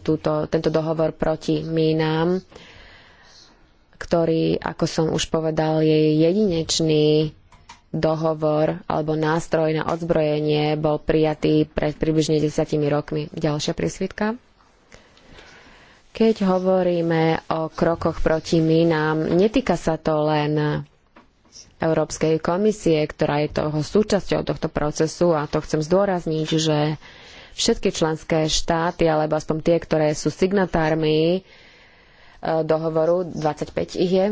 túto, tento dohovor proti mínám, ktorý, ako som už povedal, je jedinečný dohovor alebo nástroj na odzbrojenie bol prijatý pred približne desiatimi rokmi. Ďalšia prísvitka. Keď hovoríme o krokoch proti mínam, netýka sa to len Európskej komisie, ktorá je toho súčasťou tohto procesu a to chcem zdôrazniť, že všetky členské štáty, alebo aspoň tie, ktoré sú signatármi e, dohovoru, 25 ich je,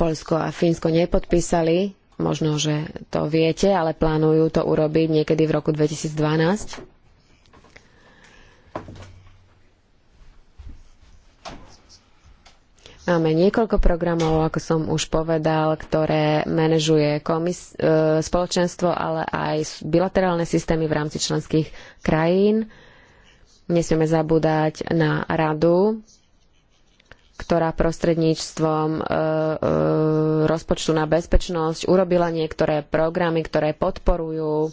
Polsko a Fínsko nepodpísali, možno, že to viete, ale plánujú to urobiť niekedy v roku 2012. Máme niekoľko programov, ako som už povedal, ktoré manažuje komis- e, spoločenstvo, ale aj bilaterálne systémy v rámci členských krajín. Nesmieme zabúdať na radu, ktorá prostredníctvom e, e, rozpočtu na bezpečnosť urobila niektoré programy, ktoré podporujú e,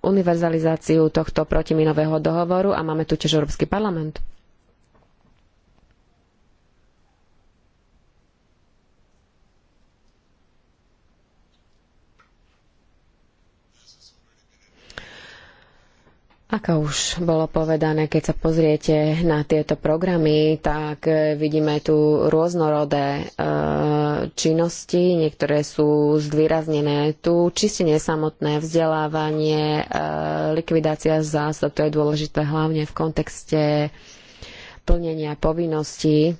univerzalizáciu tohto protiminového dohovoru a máme tu tiež Európsky parlament Ako už bolo povedané, keď sa pozriete na tieto programy, tak e, vidíme tu rôznorodé e, činnosti. Niektoré sú zdvýraznené tu. Čistenie samotné, vzdelávanie, e, likvidácia zásob, to je dôležité hlavne v kontexte plnenia povinností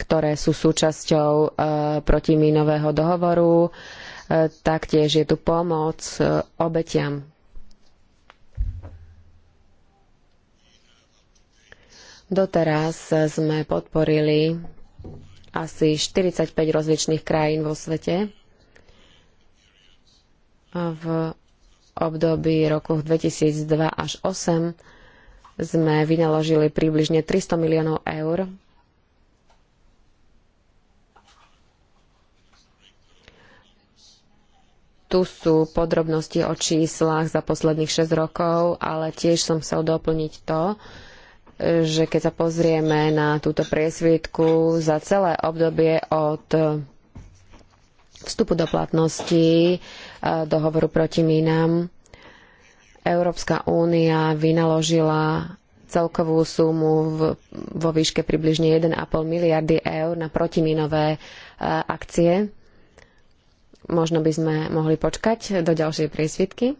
ktoré sú súčasťou e, protimínového dohovoru. E, taktiež je tu pomoc e, obetiam Doteraz sme podporili asi 45 rozličných krajín vo svete. A v období roku 2002 až 2008 sme vynaložili približne 300 miliónov eur Tu sú podrobnosti o číslach za posledných 6 rokov, ale tiež som chcel doplniť to, že keď sa pozrieme na túto priesvitku za celé obdobie od vstupu do platnosti e, dohovoru proti mínam, Európska únia vynaložila celkovú sumu v, vo výške približne 1,5 miliardy eur na protiminové e, akcie. Možno by sme mohli počkať do ďalšej priesvitky.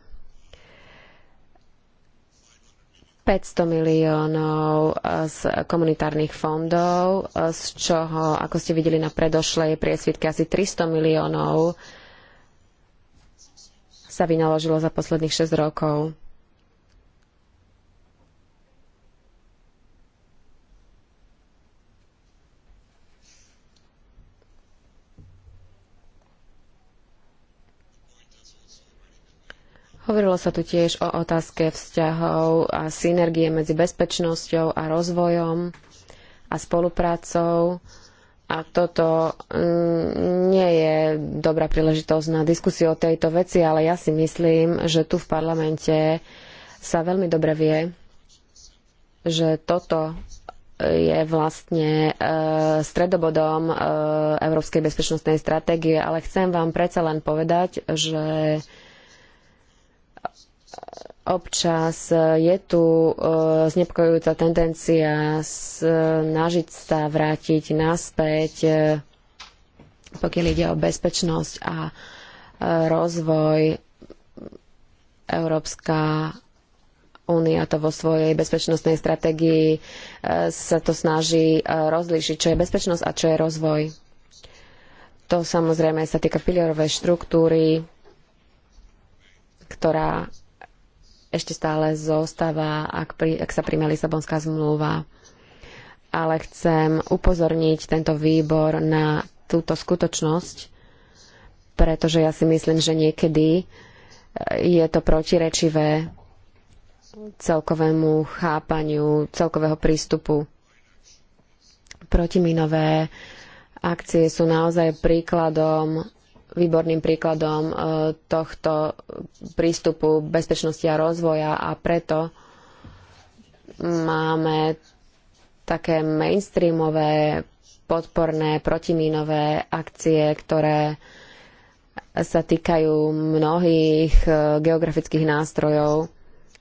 500 miliónov e, z komunitárnych fondov, e, z čoho, ako ste videli na predošlej priesvitke, asi 300 miliónov sa vynaložilo za posledných 6 rokov. Hovorilo sa tu tiež o otázke vzťahov a synergie medzi bezpečnosťou a rozvojom a spoluprácou. A toto mm, nie je dobrá príležitosť na diskusiu o tejto veci, ale ja si myslím, že tu v parlamente sa veľmi dobre vie, že toto je vlastne e, stredobodom e, Európskej bezpečnostnej stratégie, ale chcem vám predsa len povedať, že občas eh, je tu eh, znepokojujúca tendencia snažiť sa vrátiť naspäť, eh, pokiaľ ide o bezpečnosť a rozvoj. Európska únia to vo svojej bezpečnostnej stratégii sa to snaží rozlíšiť, čo je bezpečnosť a čo je rozvoj. To samozrejme sa týka pilierovej štruktúry, ktorá ešte stále zostáva, ak, pri, ak sa príjme Lisabonská zmluva. Ale chcem upozorniť tento výbor na túto skutočnosť, pretože ja si myslím, že niekedy eh, je to protirečivé celkovému chápaniu, celkového prístupu. Protiminové akcie sú naozaj príkladom výborným príkladom e, tohto prístupu bezpečnosti a rozvoja a preto máme také mainstreamové podporné protimínové akcie, ktoré sa týkajú mnohých e, geografických nástrojov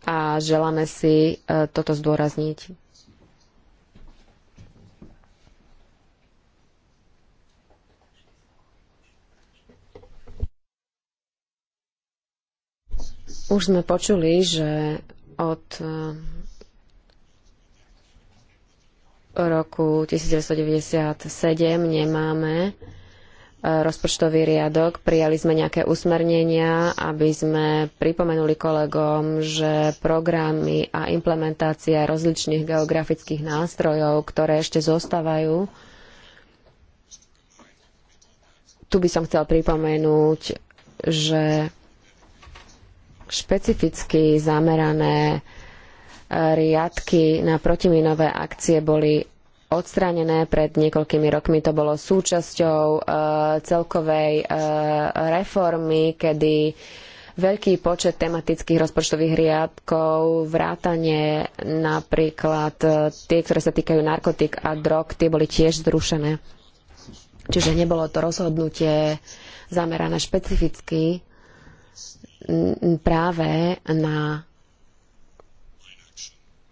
a želáme si e, toto zdôrazniť. Už sme počuli, že od eh, roku 1997 nemáme eh, rozpočtový riadok. Prijali sme nejaké usmernenia, aby sme pripomenuli kolegom, že programy a implementácia rozličných geografických nástrojov, ktoré ešte zostávajú, tu by som chcel pripomenúť, že špecificky zamerané e, riadky na protiminové akcie boli odstránené pred niekoľkými rokmi. To bolo súčasťou e, celkovej e, reformy, kedy veľký počet tematických rozpočtových riadkov, vrátane napríklad tie, ktoré sa týkajú narkotik a drog, tie boli tiež zrušené. Čiže nebolo to rozhodnutie zamerané špecificky práve na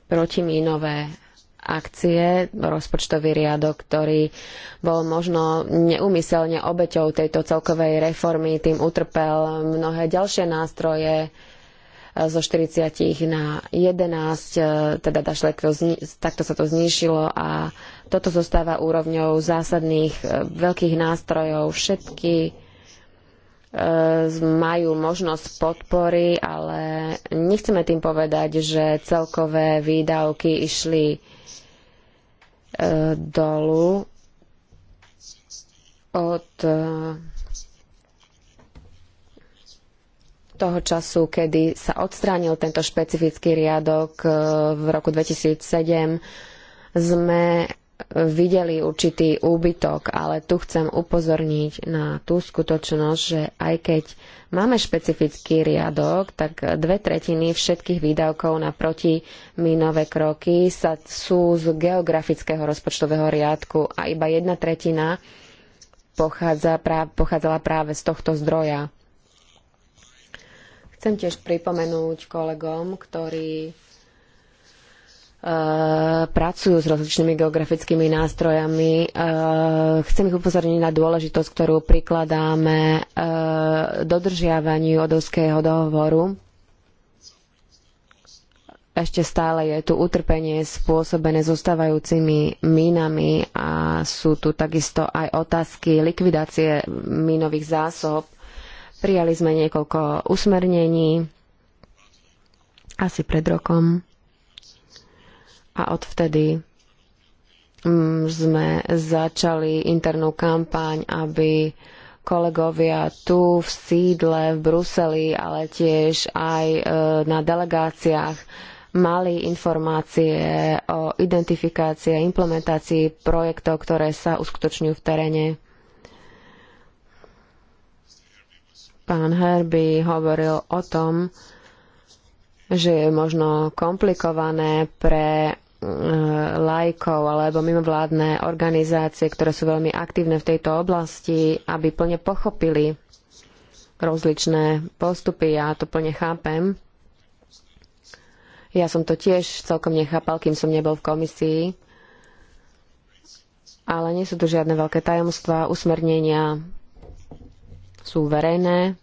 protimínové akcie, rozpočtový riadok, ktorý bol možno neumyselne obeťou tejto celkovej reformy, tým utrpel mnohé ďalšie nástroje e, zo 40 na 11, e, teda dašlek takto sa to znišilo a toto zostáva úrovňou zásadných e, veľkých nástrojov všetky majú možnosť podpory, ale nechceme tým povedať, že celkové výdavky išli e, dolu od e, toho času, kedy sa odstránil tento špecifický riadok e, v roku 2007, sme videli určitý úbytok, ale tu chcem upozorniť na tú skutočnosť, že aj keď máme špecifický riadok, tak dve tretiny všetkých výdavkov na protiminové kroky sa sú z geografického rozpočtového riadku a iba jedna tretina pochádza práv, pochádzala práve z tohto zdroja. Chcem tiež pripomenúť kolegom, ktorí Eh, pracujú s rozličnými geografickými nástrojami. Eh, chcem ich upozorniť na dôležitosť, ktorú prikladáme eh, dodržiavaniu odovského dohovoru. Ešte stále je tu utrpenie spôsobené zostávajúcimi mínami a sú tu takisto aj otázky likvidácie mínových zásob. Prijali sme niekoľko usmernení asi pred rokom a odvtedy mm, sme začali internú kampaň, aby kolegovia tu v sídle v Bruseli, ale tiež aj e, na delegáciách mali informácie o identifikácii a implementácii projektov, ktoré sa uskutočňujú v teréne. Pán Herby hovoril o tom, že je možno komplikované pre Eh, lajkov alebo mimovládne organizácie, ktoré sú veľmi aktívne v tejto oblasti, aby plne pochopili rozličné postupy. Ja to plne chápem. Ja som to tiež celkom nechápal, kým som nebol v komisii. Ale nie sú tu žiadne veľké tajomstvá, usmernenia sú verejné,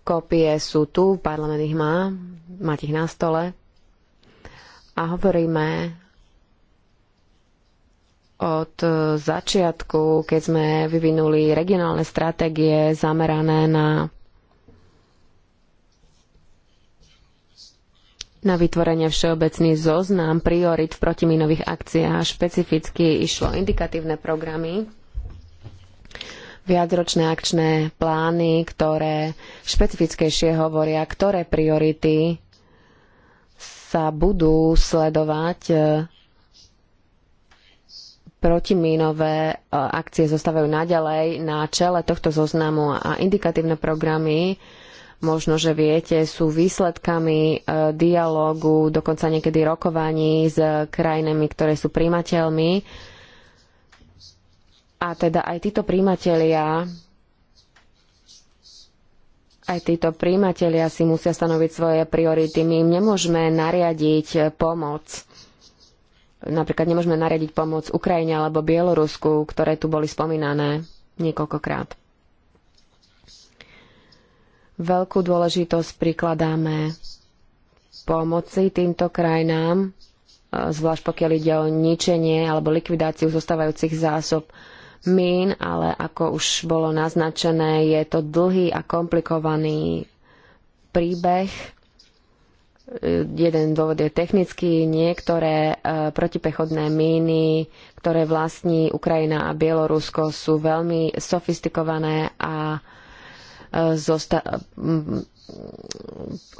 kópie sú tu, parlament ich má, máte ich na stole a hovoríme od začiatku, keď sme vyvinuli regionálne stratégie zamerané na na vytvorenie všeobecný zoznam priorit v protiminových akciách. Špecificky išlo indikatívne programy, viacročné akčné plány, ktoré špecifickejšie hovoria, ktoré priority sa budú sledovať e, protimínové e, akcie zostávajú naďalej na čele tohto zoznamu a indikatívne programy, možno, že viete, sú výsledkami e, dialógu, dokonca niekedy rokovaní s krajinami, ktoré sú príjmateľmi. A teda aj títo príjmatelia aj títo príjimatelia si musia stanoviť svoje priority. My im nemôžeme nariadiť pomoc. Napríklad nemôžeme nariadiť pomoc Ukrajine alebo Bielorusku, ktoré tu boli spomínané niekoľkokrát. Veľkú dôležitosť prikladáme pomoci týmto krajinám, e, zvlášť pokiaľ ide o ničenie alebo likvidáciu zostávajúcich zásob mín, ale ako už bolo naznačené, je to dlhý a komplikovaný príbeh. Jeden dôvod je technický. Niektoré e, protipechodné míny, ktoré vlastní Ukrajina a Bielorusko, sú veľmi sofistikované a e,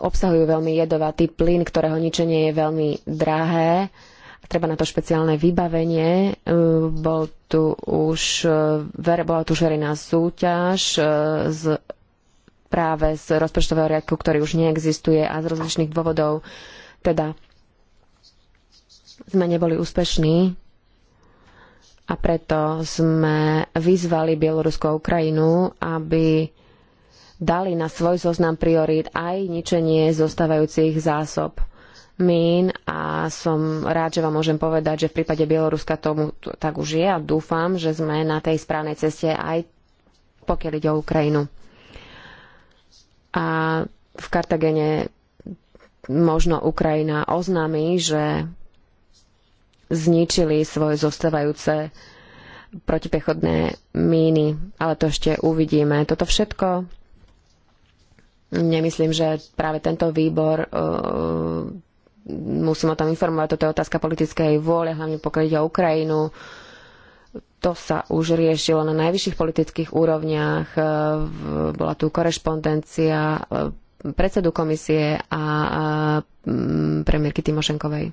obsahujú veľmi jedovatý plyn, ktorého ničenie je veľmi drahé treba na to špeciálne vybavenie. E, bol tu už, e, bola tu už verejná súťaž e, z, práve z rozpočtového riadku, ktorý už neexistuje a z rozličných dôvodov teda sme neboli úspešní a preto sme vyzvali Bieloruskou Ukrajinu, aby dali na svoj zoznam priorít aj ničenie zostávajúcich zásob mín a som rád, že vám môžem povedať, že v prípade Bieloruska tomu tak už je a dúfam, že sme na tej správnej ceste aj pokiaľ ide o Ukrajinu. A v Kartagene možno Ukrajina oznámi, že zničili svoje zostávajúce protipechodné míny, ale to ešte uvidíme. Toto všetko nemyslím, že práve tento výbor uh, musím o tom informovať, toto je otázka politickej vôle, hlavne pokiaľ ide o Ukrajinu. To sa už riešilo na najvyšších politických úrovniach. E, bola tu korešpondencia e, predsedu komisie a premiérky Timošenkovej.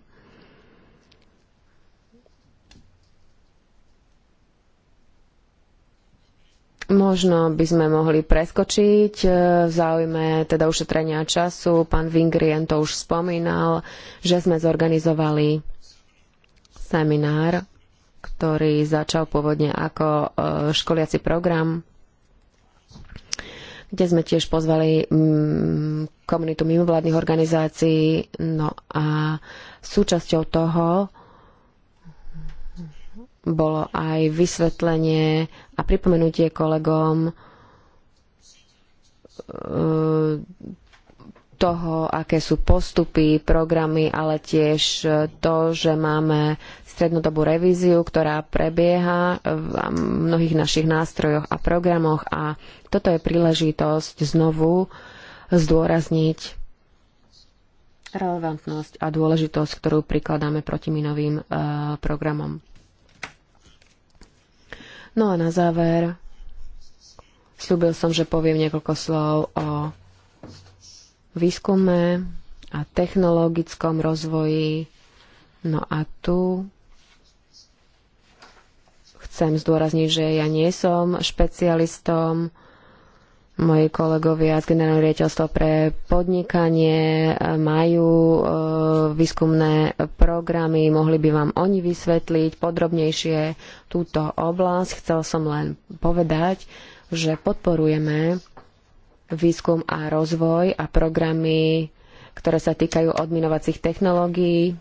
Možno by sme mohli preskočiť e, v záujme teda ušetrenia času. Pán Vingrien to už spomínal, že sme zorganizovali seminár, ktorý začal pôvodne ako e, školiaci program, kde sme tiež pozvali komunitu mimovládnych organizácií. No a súčasťou toho bolo aj vysvetlenie a pripomenutie kolegom e, toho, aké sú postupy, programy, ale tiež to, že máme strednodobú revíziu, ktorá prebieha v mnohých našich nástrojoch a programoch a toto je príležitosť znovu zdôrazniť relevantnosť a dôležitosť, ktorú prikladáme proti minovým e, programom. No a na záver, slúbil som, že poviem niekoľko slov o výskume a technologickom rozvoji. No a tu chcem zdôrazniť, že ja nie som špecialistom Moji kolegovia z Generálneho riaditeľstva pre podnikanie e, majú e, výskumné programy, mohli by vám oni vysvetliť podrobnejšie túto oblasť. Chcel som len povedať, že podporujeme výskum a rozvoj a programy, ktoré sa týkajú odminovacích technológií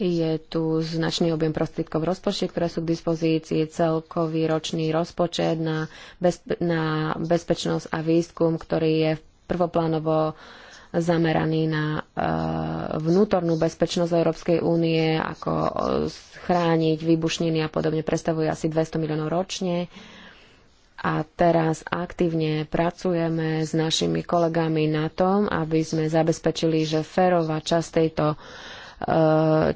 je tu značný objem prostriedkov v rozpočte, ktoré sú k dispozícii, celkový ročný rozpočet na, bezpe- na bezpečnosť a výskum, ktorý je prvoplánovo zameraný na e, vnútornú bezpečnosť Európskej únie, ako eh, chrániť výbušniny a podobne, predstavuje asi 200 miliónov ročne. A teraz aktívne pracujeme s našimi kolegami na tom, aby sme zabezpečili, že férová časť tejto Eh,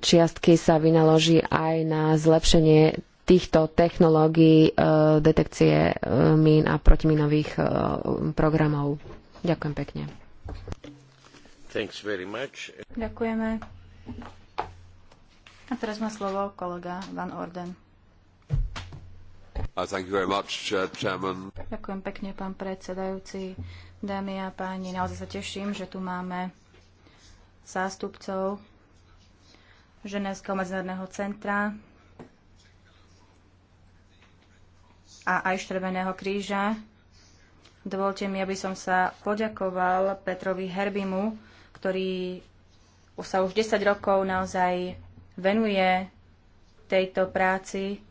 čiastky sa vynaloží aj na zlepšenie týchto technológií eh, detekcie eh, mín a protiminových programov. Ďakujem pekne. Ďakujeme. A teraz má slovo kolega Van Orden. Uh, much, Ďakujem pekne, pán predsedajúci. Dámy a páni, naozaj sa teším, že tu máme zástupcov Ženevského medzinárodného centra a aj Štrebeného kríža. Dovolte mi, aby som sa poďakoval Petrovi Herbimu, ktorý sa už 10 rokov naozaj venuje tejto práci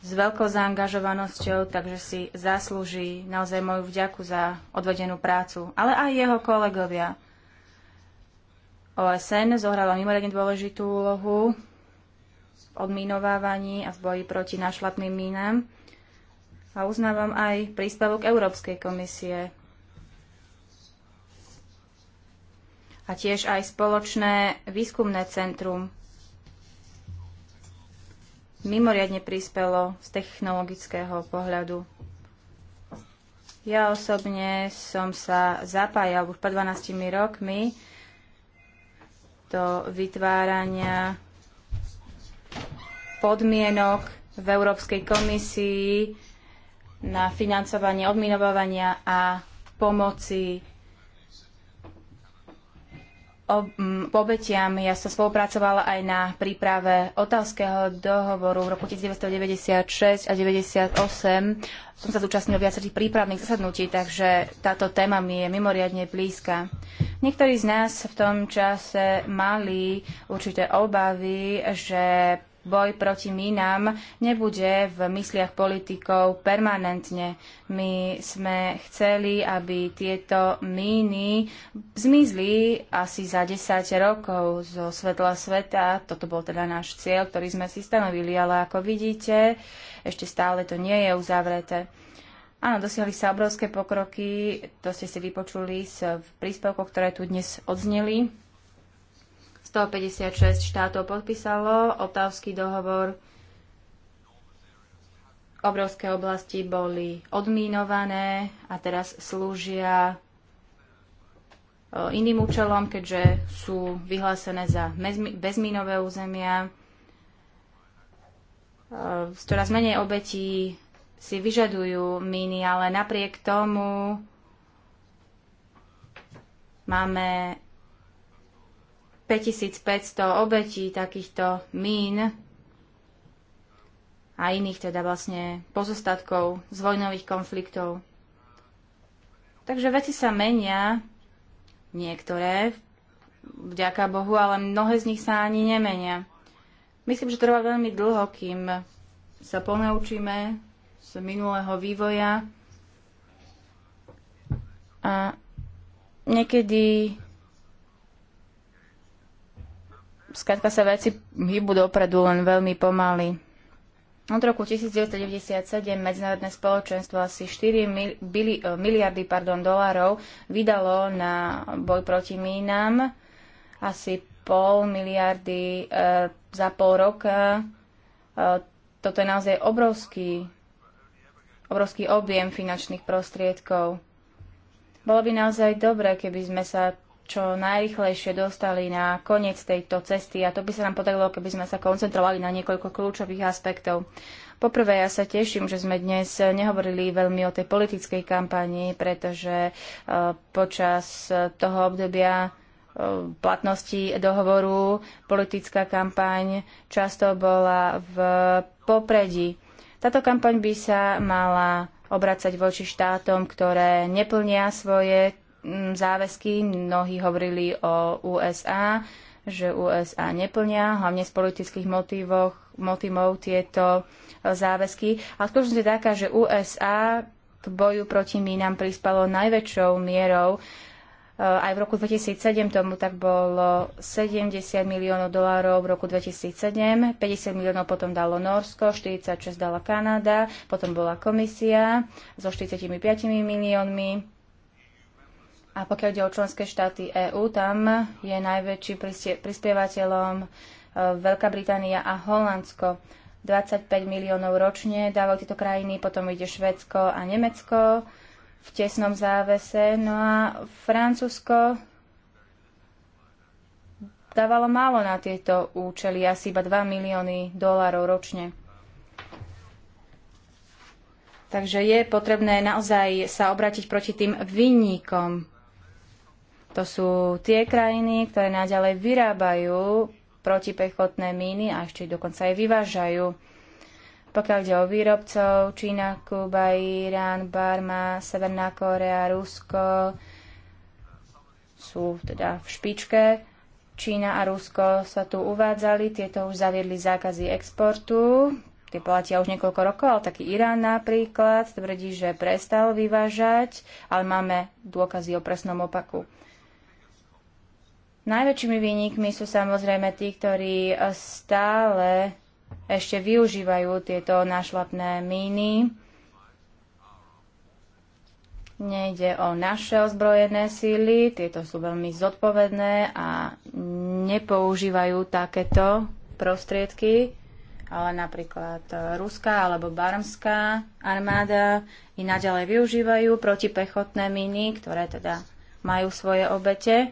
s veľkou zaangažovanosťou, takže si zaslúži naozaj moju vďaku za odvedenú prácu, ale aj jeho kolegovia. OSN zohrala mimoriadne dôležitú úlohu v odminovávaní a v boji proti našlapným mínam a uznávam aj príspevok Európskej komisie a tiež aj spoločné výskumné centrum mimoriadne prispelo z technologického pohľadu. Ja osobne som sa zapájal už pred 12 rokmi do vytvárania podmienok v Európskej komisii na financovanie odminovania a pomoci obetiam. Ja som spolupracovala aj na príprave otázkeho dohovoru v roku 1996 a 98 Som sa zúčastnil viacerých prípravných zasadnutí, takže táto téma mi je mimoriadne blízka. Niektorí z nás v tom čase mali určité obavy, že boj proti mínam nebude v mysliach politikov permanentne. My sme chceli, aby tieto míny zmizli asi za 10 rokov zo svetla sveta. Toto bol teda náš cieľ, ktorý sme si stanovili, ale ako vidíte, ešte stále to nie je uzavreté. Áno, dosiahli sa obrovské pokroky, to ste si vypočuli z príspevkov, ktoré tu dnes odzneli. 156 štátov podpísalo Otávsky dohovor. Obrovské oblasti boli odmínované a teraz slúžia e, iným účelom, keďže sú vyhlásené za bezmínové územia. E, čoraz menej obetí si vyžadujú míny, ale napriek tomu máme 5500 obetí takýchto mín a iných teda vlastne pozostatkov z vojnových konfliktov. Takže veci sa menia, niektoré, vďaka Bohu, ale mnohé z nich sa ani nemenia. Myslím, že trvá veľmi dlho, kým sa ponaučíme z minulého vývoja a niekedy Skrátka sa veci hýbu dopredu len veľmi pomaly. Od roku 1997 medzinárodné spoločenstvo asi 4 eh, miliardy pardon, dolárov vydalo na boj proti mínam, asi pol miliardy e, za pol roka. E, toto je naozaj obrovský, obrovský objem finančných prostriedkov. Bolo by naozaj dobré, keby sme sa čo najrychlejšie dostali na koniec tejto cesty a to by sa nám podarilo, keby sme sa koncentrovali na niekoľko kľúčových aspektov. Poprvé, ja sa teším, že sme dnes nehovorili veľmi o tej politickej kampanii, pretože e, počas toho obdobia e, platnosti dohovoru politická kampaň často bola v popredí. Táto kampaň by sa mala obracať voči štátom, ktoré neplnia svoje Mm, záväzky. Mnohí hovorili o USA, že USA neplnia, hlavne z politických motivoch, motivov tieto e, záväzky. A skutočnosť je taká, že USA k boju proti mínam prispalo najväčšou mierou e, aj v roku 2007 tomu tak bolo 70 miliónov dolárov v roku 2007, 50 miliónov potom dalo Norsko, 46 dala Kanada, potom bola komisia so 45 miliónmi a pokiaľ ide o členské štáty EÚ, tam je najväčším prispievateľom e, Veľká Británia a Holandsko. 25 miliónov ročne dávajú tieto krajiny, potom ide Švedsko a Nemecko v tesnom závese. No a Francúzsko dávalo málo na tieto účely, asi iba 2 milióny dolárov ročne. Takže je potrebné naozaj sa obrátiť proti tým vinníkom. To sú tie krajiny, ktoré naďalej vyrábajú protipechotné míny a ešte dokonca aj vyvážajú. Pokiaľ ide o výrobcov, Čína, Kuba, Irán, Barma, Severná Korea, Rusko sú teda v špičke. Čína a Rusko sa tu uvádzali, tieto už zaviedli zákazy exportu, tie platia už niekoľko rokov, ale taký Irán napríklad tvrdí, že prestal vyvážať, ale máme dôkazy o presnom opaku. Najväčšími výnikmi sú samozrejme tí, ktorí eh, stále ešte využívajú tieto našlapné míny. Nejde o naše ozbrojené síly, tieto sú veľmi zodpovedné a nepoužívajú takéto prostriedky, ale napríklad eh, ruská alebo barmská armáda i naďalej využívajú protipechotné míny, ktoré teda majú svoje obete.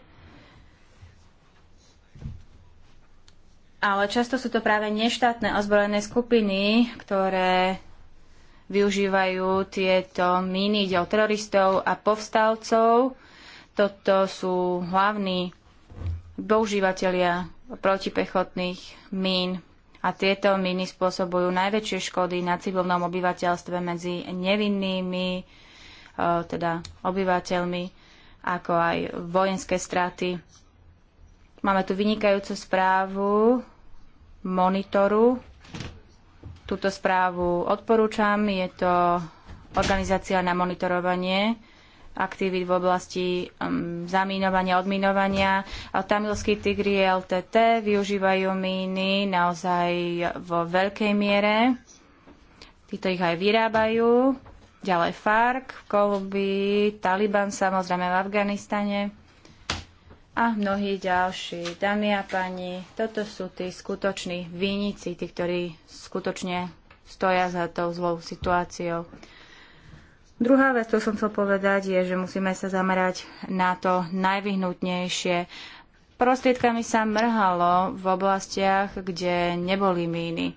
ale často sú to práve neštátne ozbrojené skupiny, ktoré využívajú tieto míny, ide o teroristov a povstalcov. Toto sú hlavní používateľia protipechotných mín a tieto míny spôsobujú najväčšie škody na civilnom obyvateľstve medzi nevinnými, e, teda obyvateľmi, ako aj vojenské straty Máme tu vynikajúcu správu monitoru. Túto správu odporúčam. Je to organizácia na monitorovanie aktivít v oblasti um, zamínovania, odminovania. Tamilský tigri LTT využívajú míny naozaj vo veľkej miere. Títo ich aj vyrábajú. Ďalej FARC v Kolumbii, Taliban samozrejme v Afganistane a mnohí ďalší. Dámy a páni, toto sú tí skutoční výnici, tí, ktorí skutočne stoja za tou zlou situáciou. Druhá vec, ktorú som chcel povedať, je, že musíme sa zamerať na to najvyhnutnejšie. Prostriedkami sa mrhalo v oblastiach, kde neboli míny.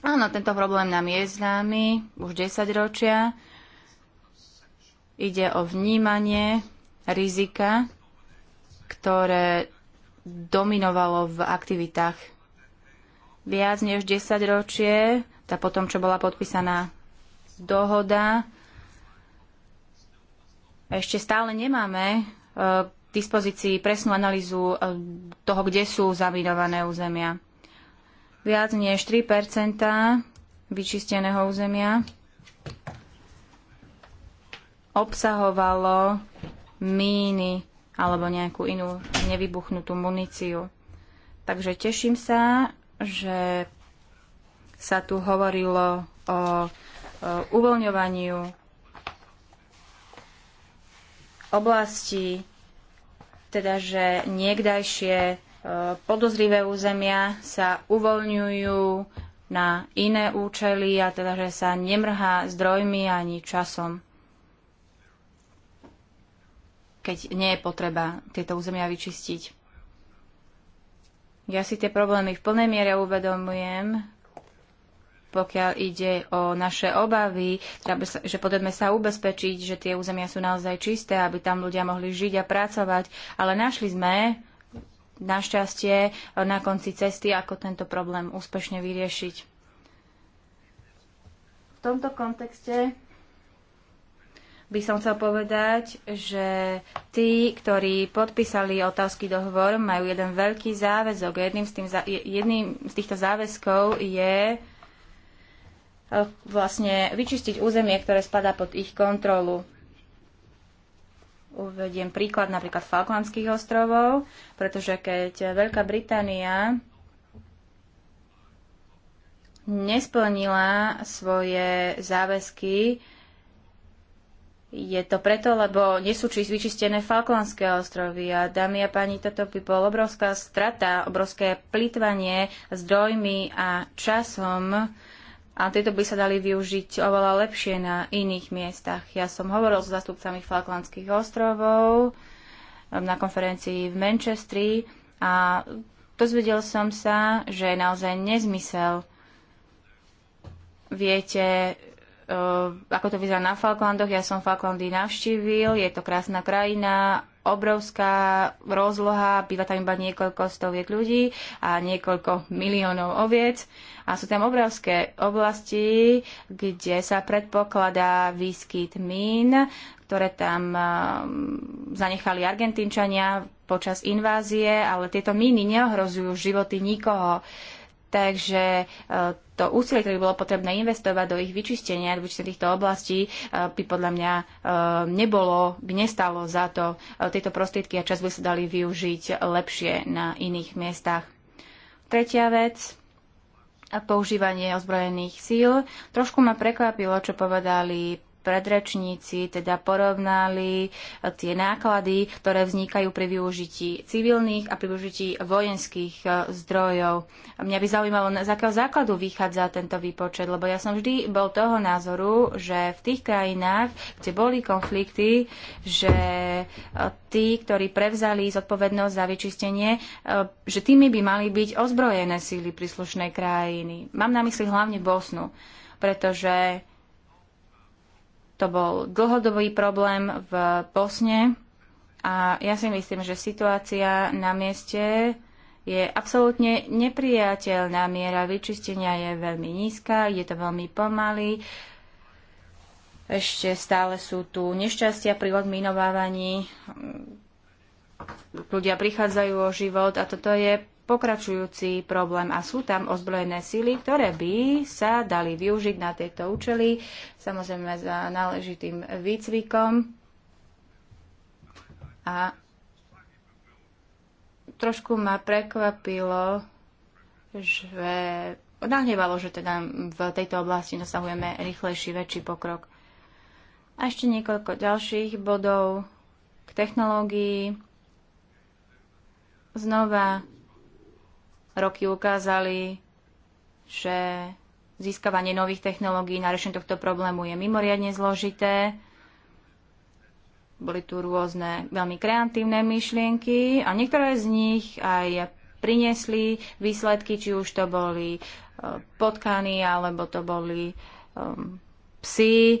Áno, tento problém nám je známy už 10 ročia. Ide o vnímanie rizika ktoré dominovalo v aktivitách viac než 10 ročie, tá potom, čo bola podpísaná dohoda, ešte stále nemáme e, k dispozícii presnú analýzu e, toho, kde sú zaminované územia. Viac než 3 vyčisteného územia obsahovalo míny alebo nejakú inú nevybuchnutú muníciu. Takže teším sa, že sa tu hovorilo o, uvoľňovaniu oblasti, teda že niekdajšie e, podozrivé územia sa uvoľňujú na iné účely a teda, že sa nemrhá zdrojmi ani časom keď nie je potreba tieto územia vyčistiť. Ja si tie problémy v plnej miere uvedomujem, pokiaľ ide o naše obavy, že potrebujeme sa ubezpečiť, že tie územia sú naozaj čisté, aby tam ľudia mohli žiť a pracovať. Ale našli sme našťastie na konci cesty, ako tento problém úspešne vyriešiť. V tomto kontexte by som chcel povedať, že tí, ktorí podpísali otázky dohovor, majú jeden veľký záväzok. Jedným z, tým, jedným z týchto záväzkov je e, vlastne vyčistiť územie, ktoré spadá pod ich kontrolu. Uvediem príklad napríklad Falklandských ostrovov, pretože keď Veľká Británia nesplnila svoje záväzky, je to preto, lebo nie sú vyčistené Falklandské ostrovy a dámy a páni, toto by bol obrovská strata, obrovské plitvanie zdrojmi a časom a tieto by sa dali využiť oveľa lepšie na iných miestach. Ja som hovoril s zastupcami Falklandských ostrovov ehm, na konferencii v Manchestri a dozvedel som sa, že je naozaj nezmysel. Viete, Eh, ako to vyzerá na Falklandoch. Ja som Falklandy navštívil, je to krásna krajina, obrovská rozloha, býva tam iba niekoľko stoviek ľudí a niekoľko miliónov oviec. A sú tam obrovské oblasti, kde sa predpokladá výskyt mín, ktoré tam ehm, zanechali Argentínčania počas invázie, ale tieto míny neohrozujú životy nikoho. Takže e, to úsilie, ktoré bolo potrebné investovať do ich vyčistenia, do vyčistenia týchto oblastí, e, by podľa mňa e, nebolo, by nestalo za to tieto prostriedky a čas by sa dali využiť lepšie na iných miestach. Tretia vec, používanie ozbrojených síl. Trošku ma prekvapilo, čo povedali predrečníci teda porovnali eh, tie náklady, ktoré vznikajú pri využití civilných a pri využití vojenských eh, zdrojov. Mňa by zaujímalo, z akého základu vychádza tento výpočet, lebo ja som vždy bol toho názoru, že v tých krajinách, kde boli konflikty, že eh, tí, ktorí prevzali zodpovednosť za vyčistenie, že tými by mali byť ozbrojené síly príslušnej krajiny. Mám na mysli hlavne Bosnu, pretože to bol dlhodobý problém v Bosne a ja si myslím, že situácia na mieste je absolútne nepriateľná. Miera vyčistenia je veľmi nízka, je to veľmi pomaly. Ešte stále sú tu nešťastia pri odminovávaní. Ľudia prichádzajú o život a toto je pokračujúci problém a sú tam ozbrojené síly, ktoré by sa dali využiť na tieto účely, samozrejme za náležitým výcvikom a trošku ma prekvapilo, že nahnevalo, že teda v tejto oblasti dosahujeme rýchlejší, väčší pokrok. A ešte niekoľko ďalších bodov k technológii. Znova roky ukázali, že získavanie nových technológií na riešenie tohto problému je mimoriadne zložité. Boli tu rôzne veľmi kreatívne myšlienky a niektoré z nich aj priniesli výsledky, či už to boli e, potkany alebo to boli e, psy. E,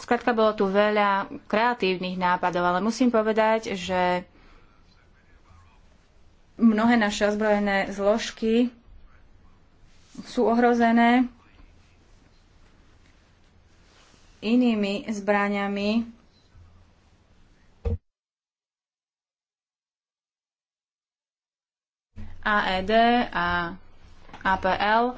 Skladka bolo tu veľa kreatívnych nápadov, ale musím povedať, že mnohé naše ozbrojené zložky sú ohrozené inými zbraniami, AED a e APL.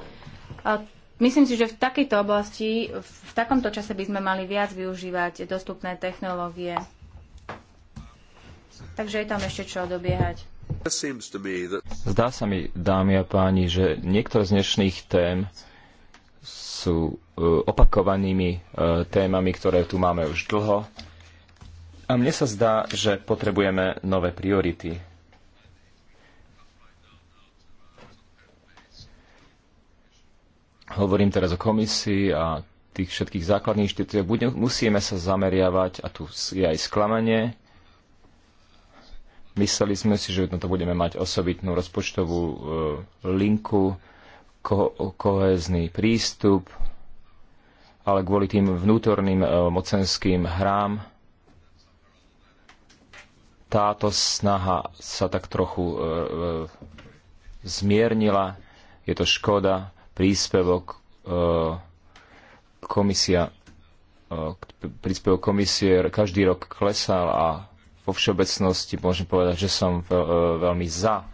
Myslím si, že v takejto oblasti, v takomto čase by sme mali viac využívať dostupné technológie. Takže je tam ešte čo dobiehať. Zdá sa mi, dámy a páni, že niektoré z dnešných tém sú e, opakovanými e, témami, ktoré tu máme už dlho. A mne sa zdá, že potrebujeme nové priority. Hovorím teraz o komisii a tých všetkých základných inštitúciách. Musíme sa zameriavať, a tu je aj sklamanie, Mysleli sme si, že na to budeme mať osobitnú rozpočtovú e, linku, ko- kohezný prístup, ale kvôli tým vnútorným e, mocenským hrám táto snaha sa tak trochu e, zmiernila. Je to škoda, príspevok komisia príspevok komisie každý rok klesal a vo všeobecnosti môžem povedať, že som e, veľmi za e,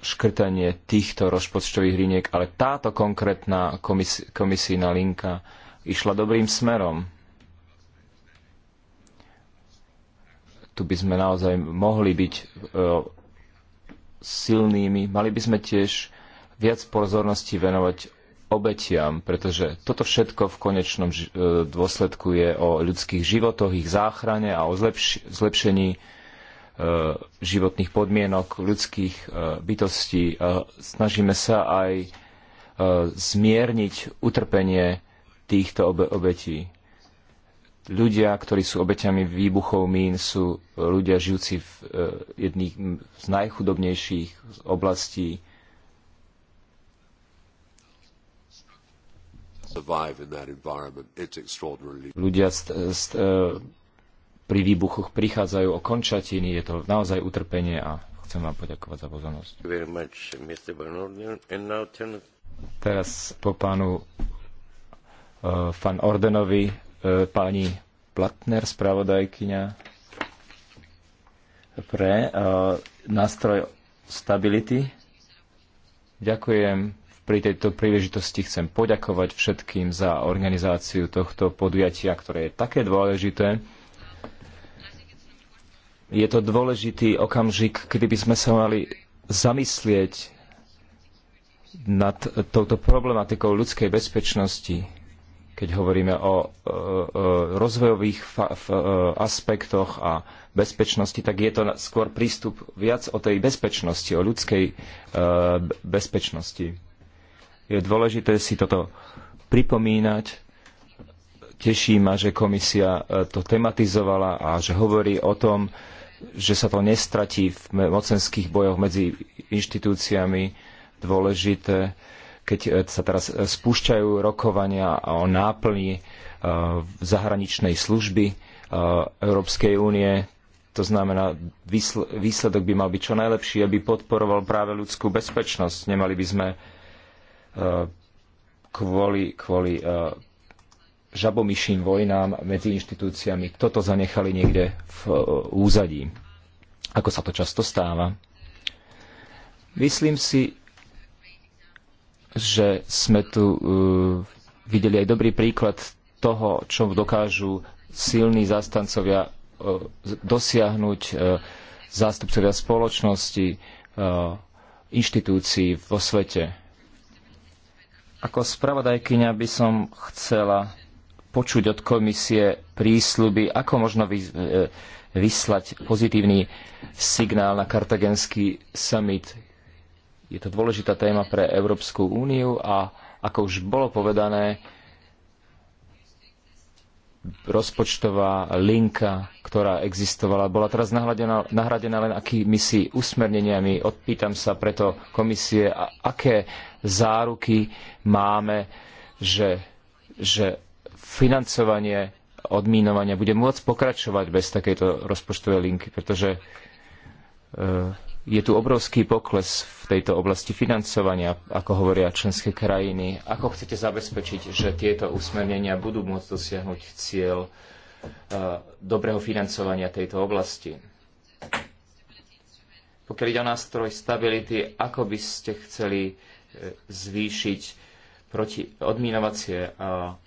škrtanie týchto rozpočtových liniek, ale táto konkrétna komisi- komisijná linka išla dobrým smerom. Tu by sme naozaj mohli byť e, silnými. Mali by sme tiež viac pozornosti venovať obetiam, pretože toto všetko v konečnom e, dôsledku je o ľudských životoch, ich záchrane a o zlepš- zlepšení e, životných podmienok ľudských e, bytostí. Snažíme sa aj zmierniť utrpenie týchto obe- obetí. Ľudia, ktorí sú obeťami výbuchov mín, sú ľudia žijúci v jedných z najchudobnejších oblastí Ľudia st- st- e, pri výbuchoch prichádzajú o končatiny, je to naozaj utrpenie a chcem vám poďakovať za pozornosť. Teraz po pánu uh, Van Ordenovi, uh, pani Platner, spravodajkyňa pre uh, nástroj stability. Ďakujem pri tejto príležitosti chcem poďakovať všetkým za organizáciu tohto podujatia, ktoré je také dôležité. Je to dôležitý okamžik, kedy by sme sa mali zamyslieť nad touto problematikou ľudskej bezpečnosti, keď hovoríme o, rozvojových aspektoch a bezpečnosti, tak je to skôr prístup viac o tej bezpečnosti, o ľudskej e, bezpečnosti. Je dôležité si toto pripomínať. Teší ma, že komisia e, to tematizovala a že hovorí o tom, že sa to nestratí v mocenských bojoch medzi inštitúciami dôležité, keď e, sa teraz e, spúšťajú rokovania o náplni zahraničnej služby Európskej únie. To znamená, výsledok by mal byť čo najlepší, aby podporoval práve ľudskú bezpečnosť. Nemali by sme Eh, kvôli, kvôli eh, žabomyším vojnám medzi inštitúciami. Toto zanechali niekde v eh, úzadí, ako sa to často stáva. Myslím si, že sme tu videli aj dobrý príklad toho, čo dokážu silní zastancovia dosiahnuť zástupcovia spoločnosti, inštitúcií vo svete. Ako spravodajkyňa by som chcela počuť od komisie prísľuby, ako možno e, vyslať pozitívny signál na kartagenský summit. Je to dôležitá téma pre Európsku úniu a ako už bolo povedané, rozpočtová linka, ktorá existovala, bola teraz nahradená, nahradená len akými si usmerneniami. Odpýtam sa preto komisie, a aké záruky máme, že, že financovanie odmínovania bude môcť pokračovať bez takejto rozpočtovej linky, pretože e, je tu obrovský pokles v tejto oblasti financovania, ako hovoria členské krajiny. Ako chcete zabezpečiť, že tieto usmernenia budú môcť dosiahnuť cieľ e, dobrého financovania tejto oblasti? Pokiaľ ide o nástroj stability, ako by ste chceli E, zvýšiť proti odmínovacie e,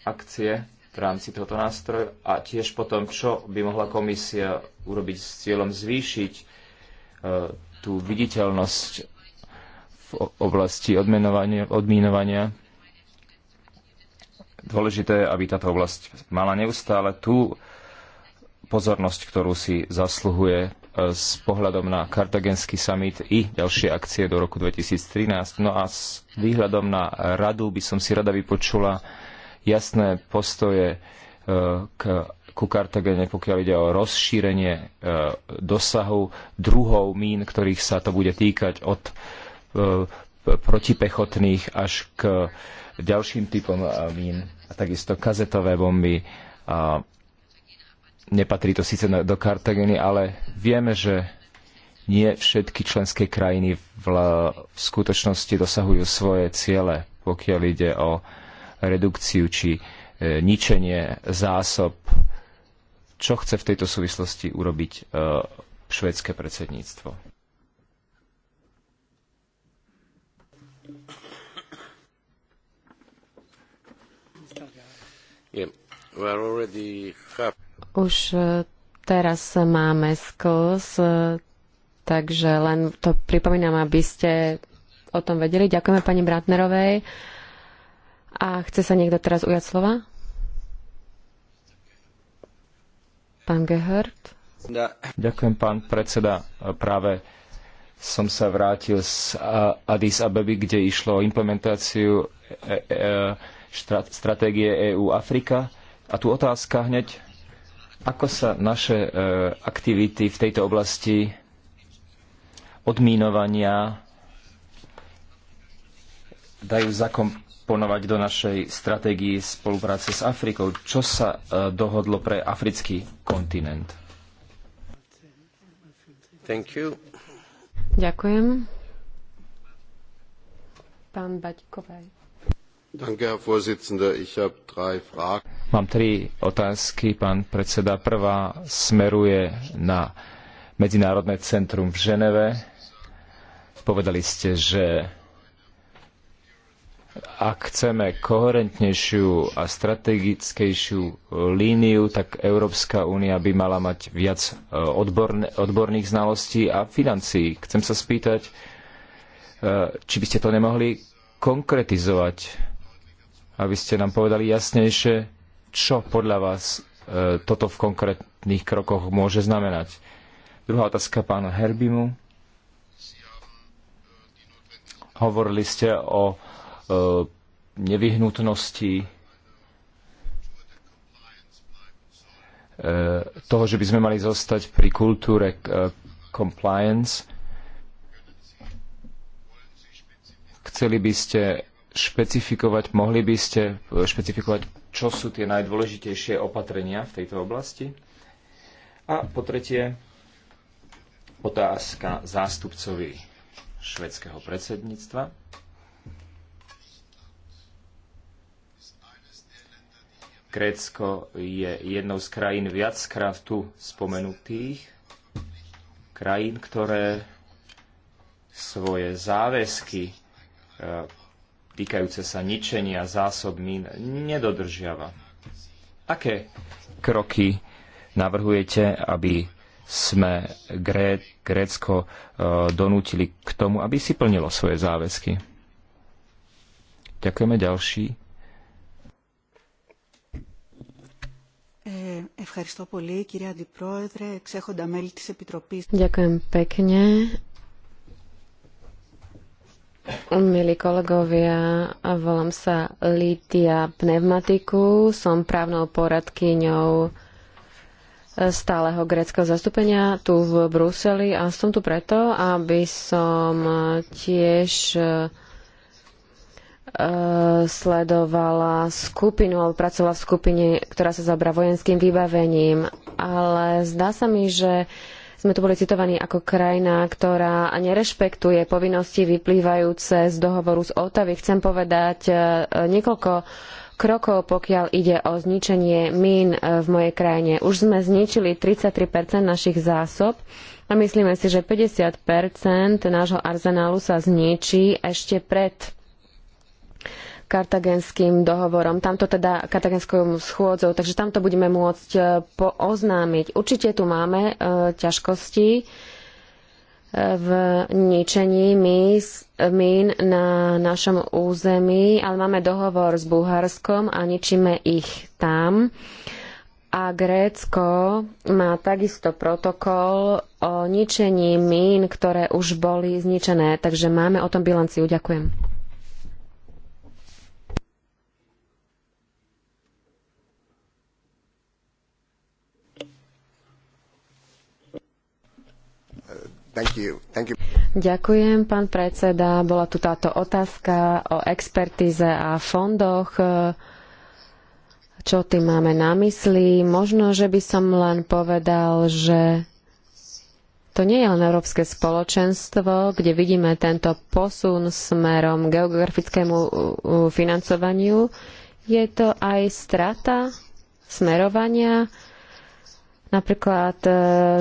akcie v rámci tohoto nástroja a tiež potom, čo by mohla komisia urobiť s cieľom zvýšiť e, tú viditeľnosť v oblasti odmenovania, odmínovania. Dôležité, aby táto oblasť mala neustále tú pozornosť, ktorú si zasluhuje s pohľadom na kartagenský summit i ďalšie akcie do roku 2013. No a s výhľadom na radu by som si rada vypočula jasné postoje e, k, ku Kartagene, pokiaľ ide o rozšírenie e, dosahu druhov mín, ktorých sa to bude týkať od e, protipechotných až k ďalším typom mín a takisto kazetové bomby a Nepatrí to síce do Kartageny, ale vieme, že nie všetky členské krajiny v, v skutočnosti dosahujú svoje ciele, pokiaľ ide o redukciu či e, ničenie zásob. Čo chce v tejto súvislosti urobiť e, švédske predsedníctvo? Yeah. Už e, teraz máme skos, e, takže len to pripomínam, aby ste o tom vedeli. Ďakujeme pani Bratnerovej. A chce sa niekto teraz ujať slova? Pán Gehert? Ďakujem, pán predseda. E, práve som sa vrátil z Addis Abeby, kde išlo o implementáciu stratégie EU Afrika. A tu otázka hneď ako sa naše e, aktivity v tejto oblasti odmínovania dajú zakomponovať do našej stratégii spolupráce s Afrikou? Čo sa e, dohodlo pre africký kontinent? Ďakujem. Pán Baťkovaj. Mám tri otázky, pán predseda. Prvá smeruje na Medzinárodné centrum v Ženeve. Povedali ste, že ak chceme koherentnejšiu a strategickejšiu líniu, tak Európska únia by mala mať viac e, odborne, odborných znalostí a financií. Chcem sa spýtať, e, či by ste to nemohli konkretizovať aby ste nám povedali jasnejšie, čo podľa vás e, toto v konkrétnych krokoch môže znamenať. Druhá otázka pána Herbimu. Hovorili ste o e, nevyhnutnosti e, toho, že by sme mali zostať pri kultúre e, compliance. Chceli by ste špecifikovať, mohli by ste e, špecifikovať, čo sú tie najdôležitejšie opatrenia v tejto oblasti? A po tretie, otázka zástupcovi švedského predsedníctva. Grécko je jednou z krajín viackrát tu spomenutých, krajín, ktoré svoje záväzky e, týkajúce sa ničenia zásob mín nedodržiava. Aké kroky navrhujete, aby sme Gré- Grécko e, donútili k tomu, aby si plnilo svoje záväzky? Ďakujeme ďalší. Eh, Ďakujem pekne, Milí kolegovia, volám sa Lítia Pneumatiku, som právnou poradkyňou stáleho greckého zastúpenia tu v Bruseli a som tu preto, aby som tiež e, sledovala skupinu alebo pracovala v skupine, ktorá sa zabrá vojenským vybavením. Ale zdá sa mi, že sme tu boli citovaní ako krajina, ktorá nerešpektuje povinnosti vyplývajúce z dohovoru z Otavy. Chcem povedať e, niekoľko krokov, pokiaľ ide o zničenie mín e, v mojej krajine. Už sme zničili 33 našich zásob a myslíme si, že 50 nášho arzenálu sa zničí ešte pred kartagenským dohovorom, tamto teda kartagenskou schôdzou, takže tamto budeme môcť e, oznámiť. Určite tu máme e, ťažkosti e, v ničení mís, mín na našom území, ale máme dohovor s Bulharskom a ničíme ich tam. A Grécko má takisto protokol o ničení mín, ktoré už boli zničené, takže máme o tom bilanciu. Ďakujem. Thank you. Thank you. Ďakujem, pán predseda. Bola tu táto otázka o expertíze a fondoch. Čo tým máme na mysli? Možno, že by som len povedal, že to nie je len Európske spoločenstvo, kde vidíme tento posun smerom geografickému financovaniu. Je to aj strata smerovania napríklad e,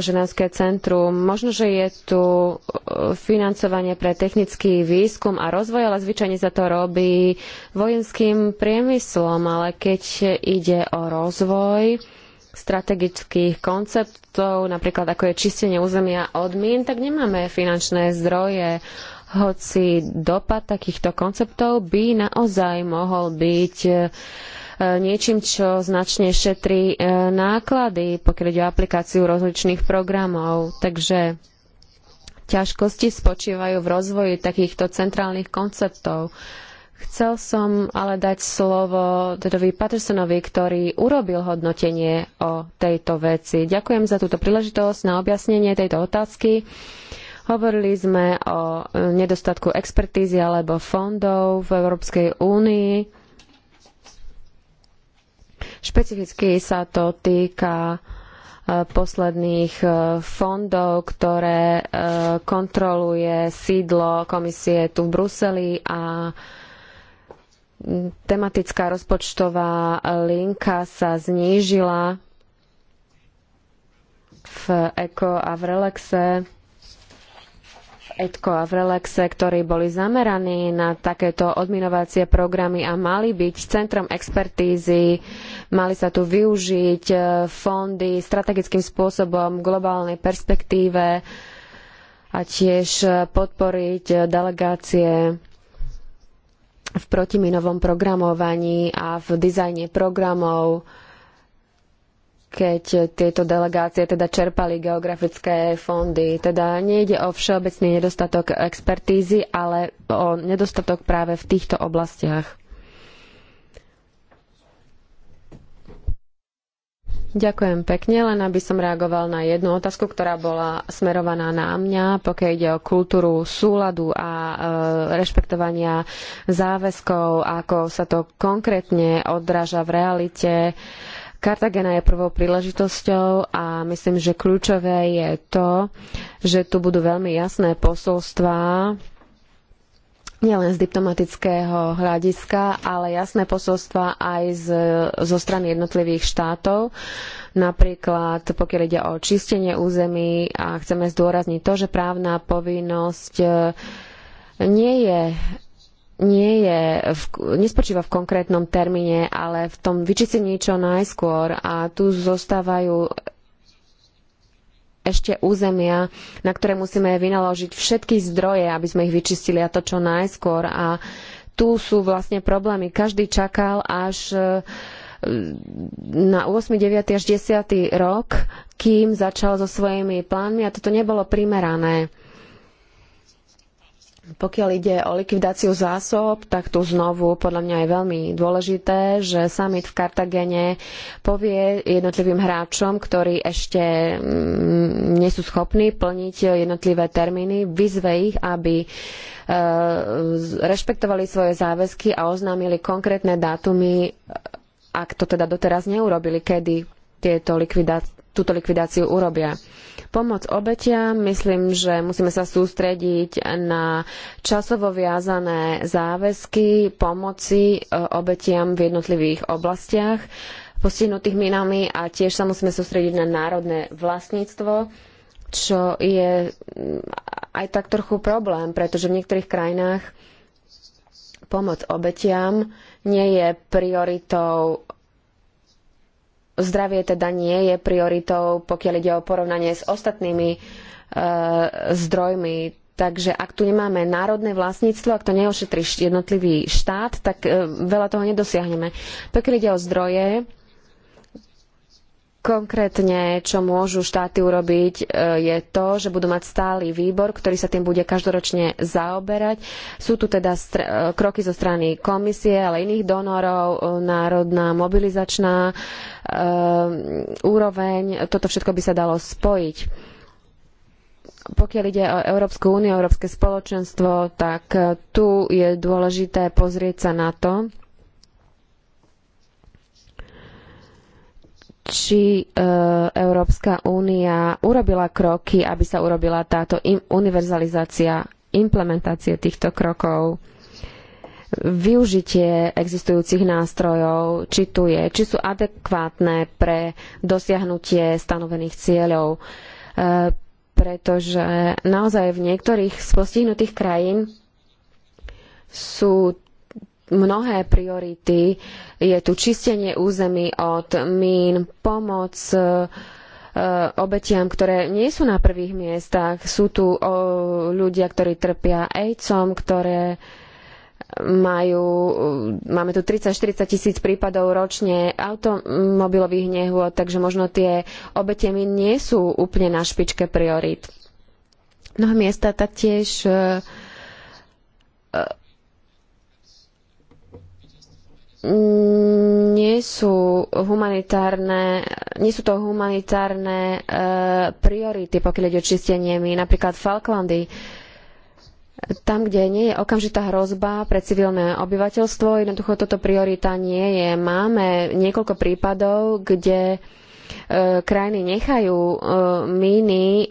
ženevské centrum. Možno, že je tu e, financovanie pre technický výskum a rozvoj, ale zvyčajne sa to robí vojenským priemyslom, ale keď ide o rozvoj strategických konceptov, napríklad ako je čistenie územia od mín, tak nemáme finančné zdroje, hoci dopad takýchto konceptov by naozaj mohol byť e, niečím, čo značne šetrí e, náklady, pokiaľ ide o aplikáciu rozličných programov. Takže ťažkosti spočívajú v rozvoji takýchto centrálnych konceptov. Chcel som ale dať slovo Dedovi Pattersonovi, ktorý urobil hodnotenie o tejto veci. Ďakujem za túto príležitosť na objasnenie tejto otázky. Hovorili sme o nedostatku expertízy alebo fondov v Európskej únii Špecificky sa to týka e, posledných e, fondov, ktoré e, kontroluje sídlo komisie tu v Bruseli a tematická rozpočtová linka sa znížila v ECO a v Relaxe ETCO a v Relaxe, ktorí boli zameraní na takéto odminovacie programy a mali byť centrom expertízy, mali sa tu využiť e, fondy strategickým spôsobom v globálnej perspektíve a tiež e, podporiť e, delegácie v protiminovom programovaní a v dizajne programov keď tieto delegácie teda čerpali geografické fondy. Teda nejde o všeobecný nedostatok expertízy, ale o nedostatok práve v týchto oblastiach. Ďakujem pekne, len aby som reagoval na jednu otázku, ktorá bola smerovaná na mňa, pokiaľ ide o kultúru súladu a e, rešpektovania záväzkov, ako sa to konkrétne odráža v realite. E, Kartagena je prvou príležitosťou a myslím, že kľúčové je to, že tu budú veľmi jasné posolstvá, nielen z diplomatického hľadiska, ale jasné posolstvá aj z, zo strany jednotlivých štátov. Napríklad, pokiaľ ide o čistenie území a chceme zdôrazniť to, že právna povinnosť eh, nie je nie je v, nespočíva v konkrétnom termíne, ale v tom vyčistení čo najskôr a tu zostávajú ešte územia, na ktoré musíme vynaložiť všetky zdroje, aby sme ich vyčistili a to čo najskôr. A tu sú vlastne problémy. Každý čakal až e, na 8., 9. až 10. rok, kým začal so svojimi plánmi a toto nebolo primerané pokiaľ ide o likvidáciu zásob, tak tu znovu podľa mňa je veľmi dôležité, že summit v Kartagene povie jednotlivým hráčom, ktorí ešte mm, nie sú schopní plniť jednotlivé termíny, vyzve ich, aby e, rešpektovali svoje záväzky a oznámili konkrétne dátumy, ak to teda doteraz neurobili, kedy tieto likvidá- túto likvidáciu urobia pomoc obetiam. Myslím, že musíme sa sústrediť na časovo viazané záväzky pomoci e, obetiam v jednotlivých oblastiach postihnutých minami a tiež sa musíme sústrediť na národné vlastníctvo, čo je mm, aj tak trochu problém, pretože v niektorých krajinách pomoc obetiam nie je prioritou zdravie teda nie je prioritou, pokiaľ ide o porovnanie s ostatnými e, zdrojmi. Takže ak tu nemáme národné vlastníctvo, ak to neošetrí jednotlivý štát, tak e, veľa toho nedosiahneme. Pokiaľ ide o zdroje, Konkrétne, čo môžu štáty urobiť, e, je to, že budú mať stály výbor, ktorý sa tým bude každoročne zaoberať. Sú tu teda e, kroky zo strany komisie, ale iných donorov, e, národná mobilizačná e, úroveň. Toto všetko by sa dalo spojiť. Pokiaľ ide o Európsku úniu, Európske spoločenstvo, tak tu je dôležité pozrieť sa na to, či e, Európska únia urobila kroky, aby sa urobila táto im, univerzalizácia implementácie týchto krokov, využitie existujúcich nástrojov, či tu je, či sú adekvátne pre dosiahnutie stanovených cieľov. E, pretože naozaj v niektorých z postihnutých krajín sú mnohé priority. Je tu čistenie území od mín, pomoc e, e, obetiam, ktoré nie sú na prvých miestach. Sú tu e, ľudia, ktorí trpia AIDSom, ktoré majú, máme tu 30-40 tisíc prípadov ročne automobilových nehôd, takže možno tie obete mi nie sú úplne na špičke priorit. Mnohé miesta taktiež nie sú humanitárne, nie sú to humanitárne e, priority, pokiaľ ide o čistenie my, napríklad Falklandy. Tam, kde nie je okamžitá hrozba pre civilné obyvateľstvo, jednoducho toto priorita nie je. Máme niekoľko prípadov, kde e, krajiny nechajú e, míny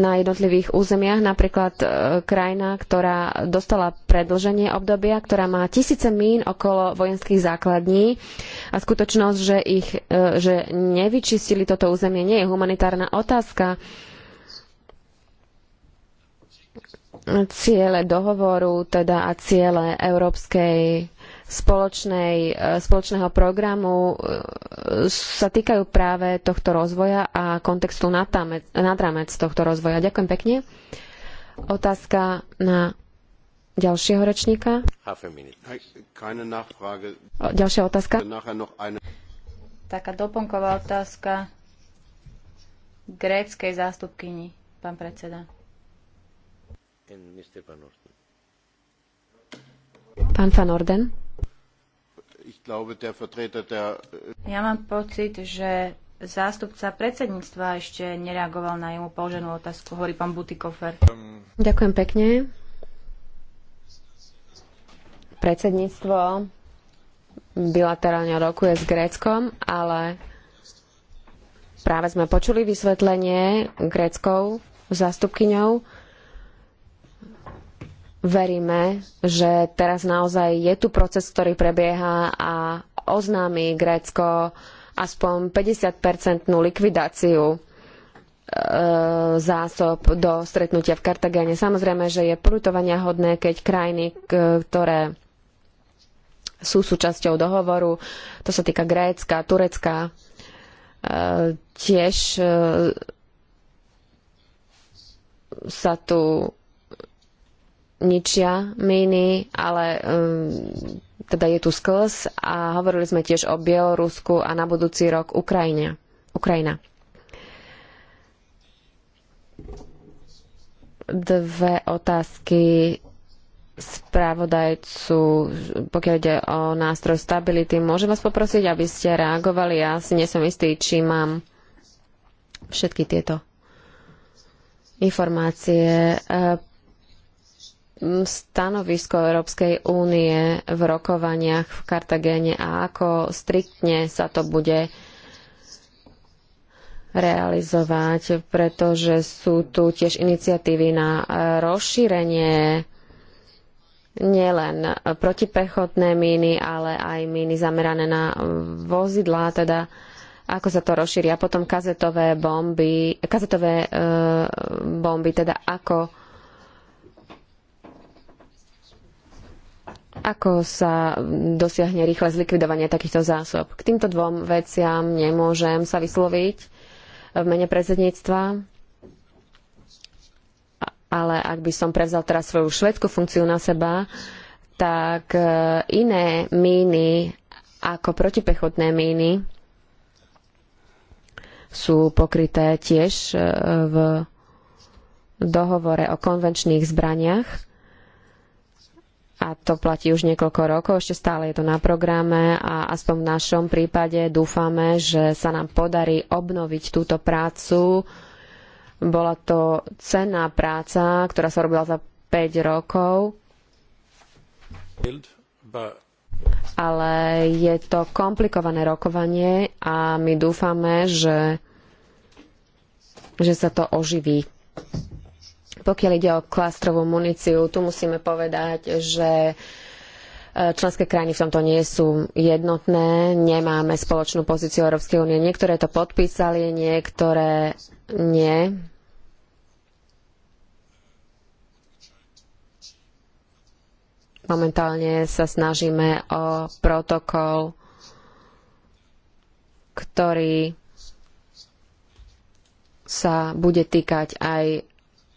na jednotlivých územiach, napríklad e, krajina, ktorá dostala predlženie obdobia, ktorá má tisíce mín okolo vojenských základní a skutočnosť, že ich e, že nevyčistili toto územie, nie je humanitárna otázka. Ciele dohovoru teda a ciele európskej spoločnej, e, spoločného programu e, sa týkajú práve tohto rozvoja a kontextu nad rámec tohto rozvoja. Ďakujem pekne. Otázka na ďalšieho rečníka. Ďalšia otázka. Taká doplnková otázka gréckej zástupkyni, pán predseda. Pán Van Orden. Äh, ja mám pocit, že zástupca predsedníctva ešte nereagoval na jemu položenú otázku, hovorí pán Butikofer. Um, Ďakujem pekne. Predsedníctvo bilaterálne rokuje s Gréckom, ale práve sme počuli vysvetlenie Gréckou zástupkyňou veríme, že teraz naozaj je tu proces, ktorý prebieha a oznámi Grécko aspoň 50-percentnú likvidáciu e, zásob do stretnutia v Kartagéne. Samozrejme, že je prutovania hodné, keď krajiny, ktoré sú súčasťou dohovoru, to sa týka Grécka, Turecka, e, tiež e, sa tu ničia míny, ale um, teda je tu sklz a hovorili sme tiež o Bielorusku a na budúci rok Ukrajina. Ukrajina. Dve otázky spravodajcu, pokiaľ ide o nástroj stability. Môžem vás poprosiť, aby ste reagovali? Ja si nie som istý, či mám všetky tieto informácie. E, stanovisko Európskej únie v rokovaniach v Kartagéne a ako striktne sa to bude realizovať, pretože sú tu tiež iniciatívy na rozšírenie nielen protipechotné míny, ale aj míny zamerané na vozidlá, teda ako sa to rozšíria. Potom kazetové bomby, kazetové e, bomby, teda ako Ako sa dosiahne rýchle zlikvidovanie takýchto zásob? K týmto dvom veciam nemôžem sa vysloviť v mene predsedníctva, ale ak by som prevzal teraz svoju švedskú funkciu na seba, tak e, iné míny ako protipechotné míny sú pokryté tiež e, v dohovore o konvenčných zbraniach a to platí už niekoľko rokov, ešte stále je to na programe a aspoň v našom prípade dúfame, že sa nám podarí obnoviť túto prácu. Bola to cenná práca, ktorá sa robila za 5 rokov, ale je to komplikované rokovanie a my dúfame, že, že sa to oživí. Pokiaľ ide o klastrovú muníciu, tu musíme povedať, že e, členské krajiny v tomto nie sú jednotné, nemáme spoločnú pozíciu Európskej únie. Niektoré to podpísali, niektoré nie. Momentálne sa snažíme o protokol, ktorý sa bude týkať aj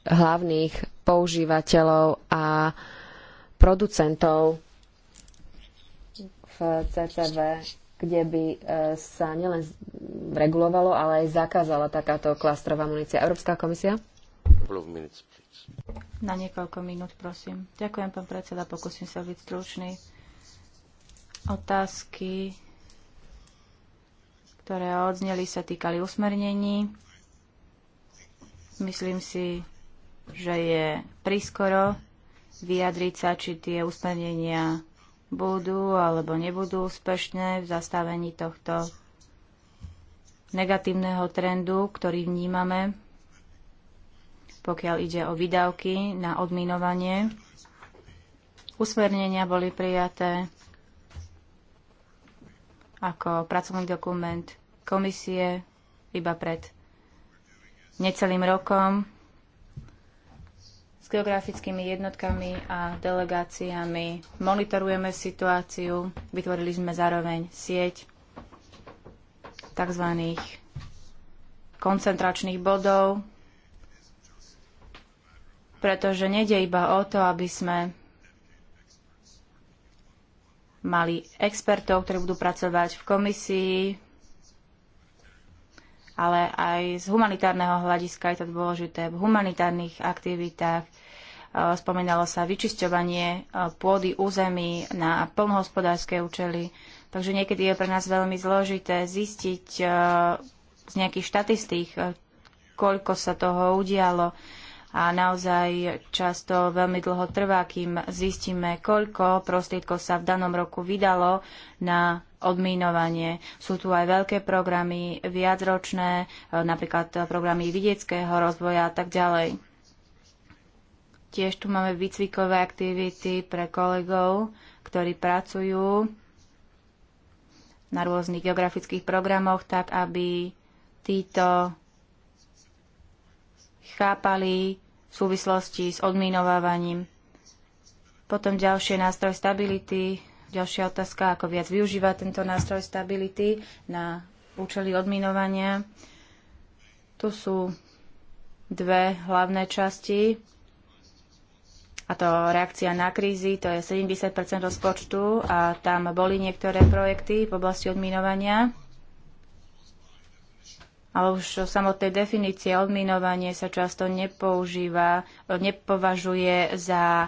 hlavných používateľov a producentov v CCV, kde by e, sa nielen regulovalo, ale aj zakázala takáto klastrová munícia. Európska komisia? Na niekoľko minút, prosím. Ďakujem, pán predseda, pokúsim sa byť stručný. Otázky, ktoré odzneli, sa týkali usmernení. Myslím si, že je priskoro vyjadriť sa, či tie usmernenia budú alebo nebudú úspešné v zastavení tohto negatívneho trendu, ktorý vnímame, pokiaľ ide o výdavky na odminovanie. Usmernenia boli prijaté ako pracovný dokument komisie iba pred necelým rokom geografickými jednotkami a delegáciami. Monitorujeme situáciu, vytvorili sme zároveň sieť tzv. koncentračných bodov, pretože nejde iba o to, aby sme mali expertov, ktorí budú pracovať v komisii, ale aj z humanitárneho hľadiska je to dôležité v humanitárnych aktivitách, spomínalo sa vyčisťovanie pôdy území na plnohospodárske účely. Takže niekedy je pre nás veľmi zložité zistiť z nejakých štatistík, koľko sa toho udialo. A naozaj často veľmi dlho trvá, kým zistíme, koľko prostriedkov sa v danom roku vydalo na odmínovanie. Sú tu aj veľké programy, viacročné, napríklad programy vidieckého rozvoja a tak ďalej. Tiež tu máme výcvikové aktivity pre kolegov, ktorí pracujú na rôznych geografických programoch, tak aby títo chápali v súvislosti s odminovávaním. Potom ďalšie nástroj stability. Ďalšia otázka, ako viac využíva tento nástroj stability na účely odminovania. Tu sú dve hlavné časti a to reakcia na krízy, to je 70 rozpočtu a tam boli niektoré projekty v oblasti odminovania. Ale už samotnej definície odminovanie sa často nepoužíva, nepovažuje za e,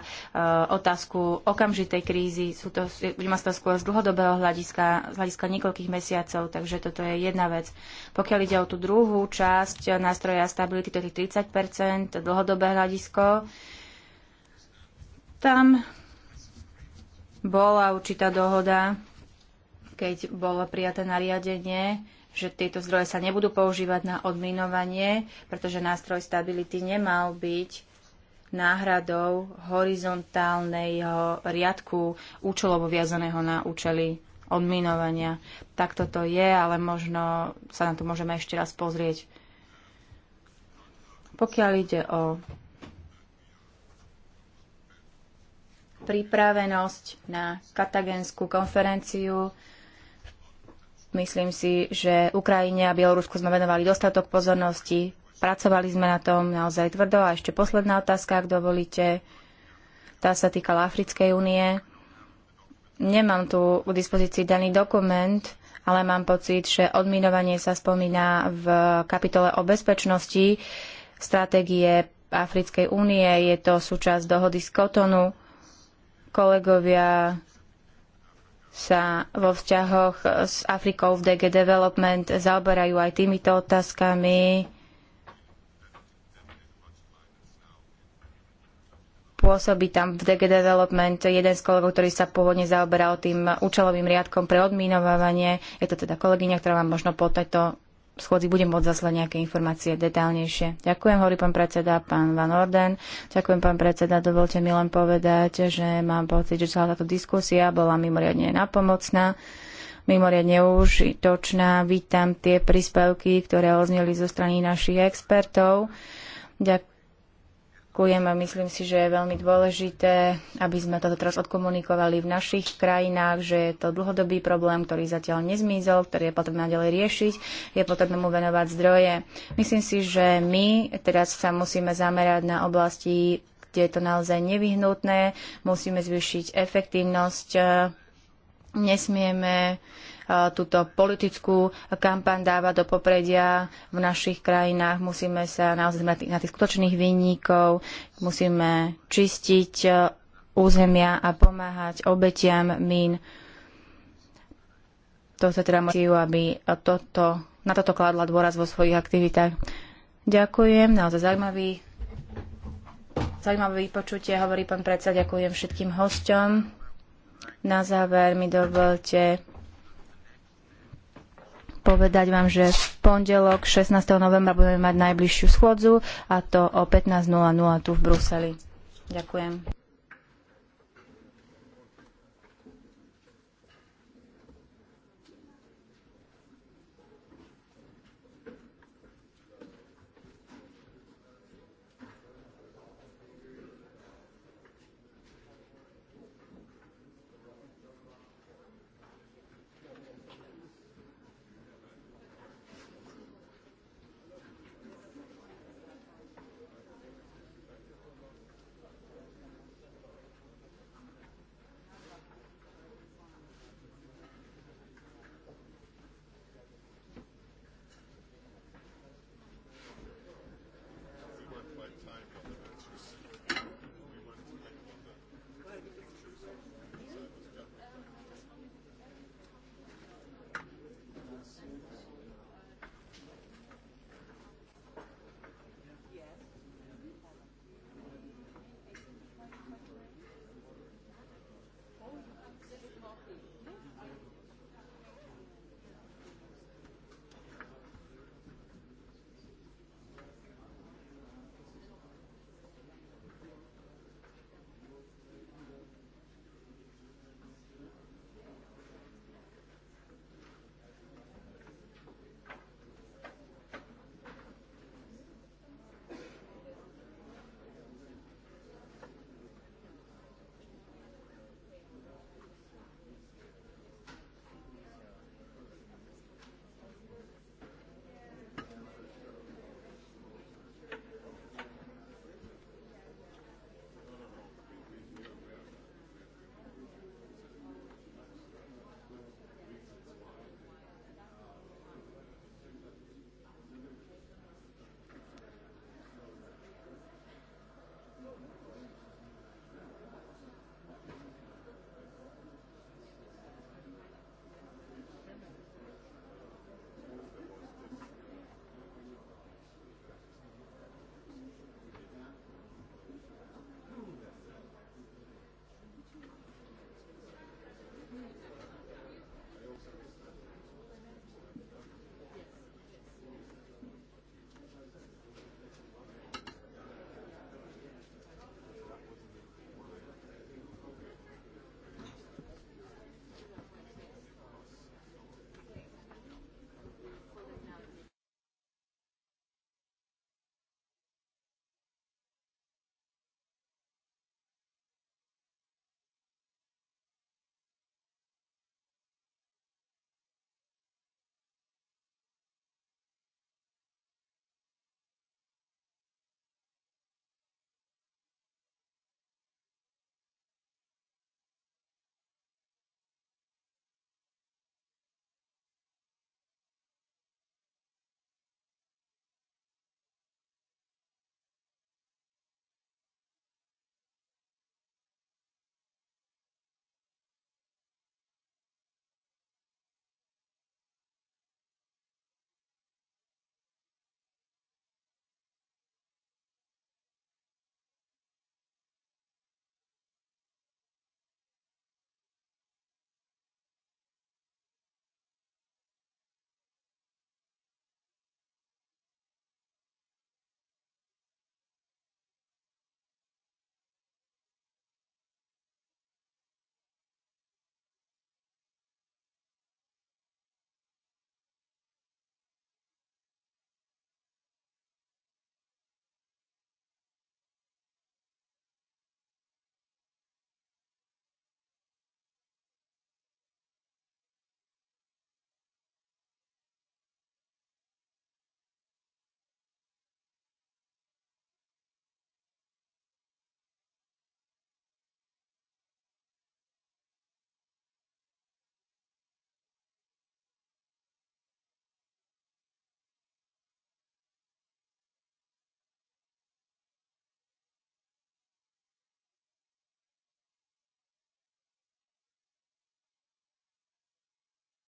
otázku okamžitej krízy. Sú to, má sa to skôr z dlhodobého hľadiska, z hľadiska niekoľkých mesiacov, takže toto je jedna vec. Pokiaľ ide o tú druhú časť nástroja stability, to je 30 dlhodobé hľadisko, e, tam bola určitá dohoda, keď bolo prijaté nariadenie, že tieto zdroje sa nebudú používať na odminovanie, pretože nástroj stability nemal byť náhradou horizontálneho riadku účelovo viazaného na účely odminovania. Tak toto je, ale možno sa na to môžeme ešte raz pozrieť. Pokiaľ ide o pripravenosť na katagenskú konferenciu. Myslím si, že Ukrajine a Bielorusku sme venovali dostatok pozornosti. Pracovali sme na tom naozaj tvrdo. A ešte posledná otázka, ak dovolíte. Tá sa týkala Africkej únie. Nemám tu k dispozícii daný dokument, ale mám pocit, že odminovanie sa spomína v kapitole o bezpečnosti stratégie Africkej únie. Je to súčasť dohody z Kotonu. Kolegovia sa vo vzťahoch s Afrikou v DG Development zaoberajú aj týmito otázkami. pôsobí tam v DG Development jeden z kolegov, ktorý sa pôvodne zaoberal tým účelovým riadkom pre odminovávanie. Je to teda kolegyňa, ktorá vám možno po tejto schôdzi budem môcť zaslať nejaké informácie detálnejšie. Ďakujem, hovorí pán predseda, pán Van Orden. Ďakujem, pán predseda. Dovolte mi len povedať, že mám pocit, že celá táto diskusia bola mimoriadne napomocná, mimoriadne užitočná. Vítam tie príspevky, ktoré ozneli zo strany našich expertov. Ďakujem Ďakujem a myslím si, že je veľmi dôležité, aby sme toto teraz odkomunikovali v našich krajinách, že je to dlhodobý problém, ktorý zatiaľ nezmizol, ktorý je potrebné ďalej riešiť, je potrebné mu venovať zdroje. Myslím si, že my teraz sa musíme zamerať na oblasti, kde je to naozaj nevyhnutné, musíme zvýšiť efektívnosť, nesmieme túto politickú kampaň dáva do popredia v našich krajinách. Musíme sa naozaj na tých, na tých skutočných vinníkov, musíme čistiť e, územia a pomáhať obetiam mín. To sa teda musí, aby toto, na toto kladla dôraz vo svojich aktivitách. Ďakujem, naozaj zaujímavý zaujímavé vypočutie, hovorí pán predseda. Ďakujem všetkým hosťom. Na záver mi dovolte povedať vám, že v pondelok 16. novembra budeme mať najbližšiu schôdzu a to o 15.00 tu v Bruseli. Ďakujem.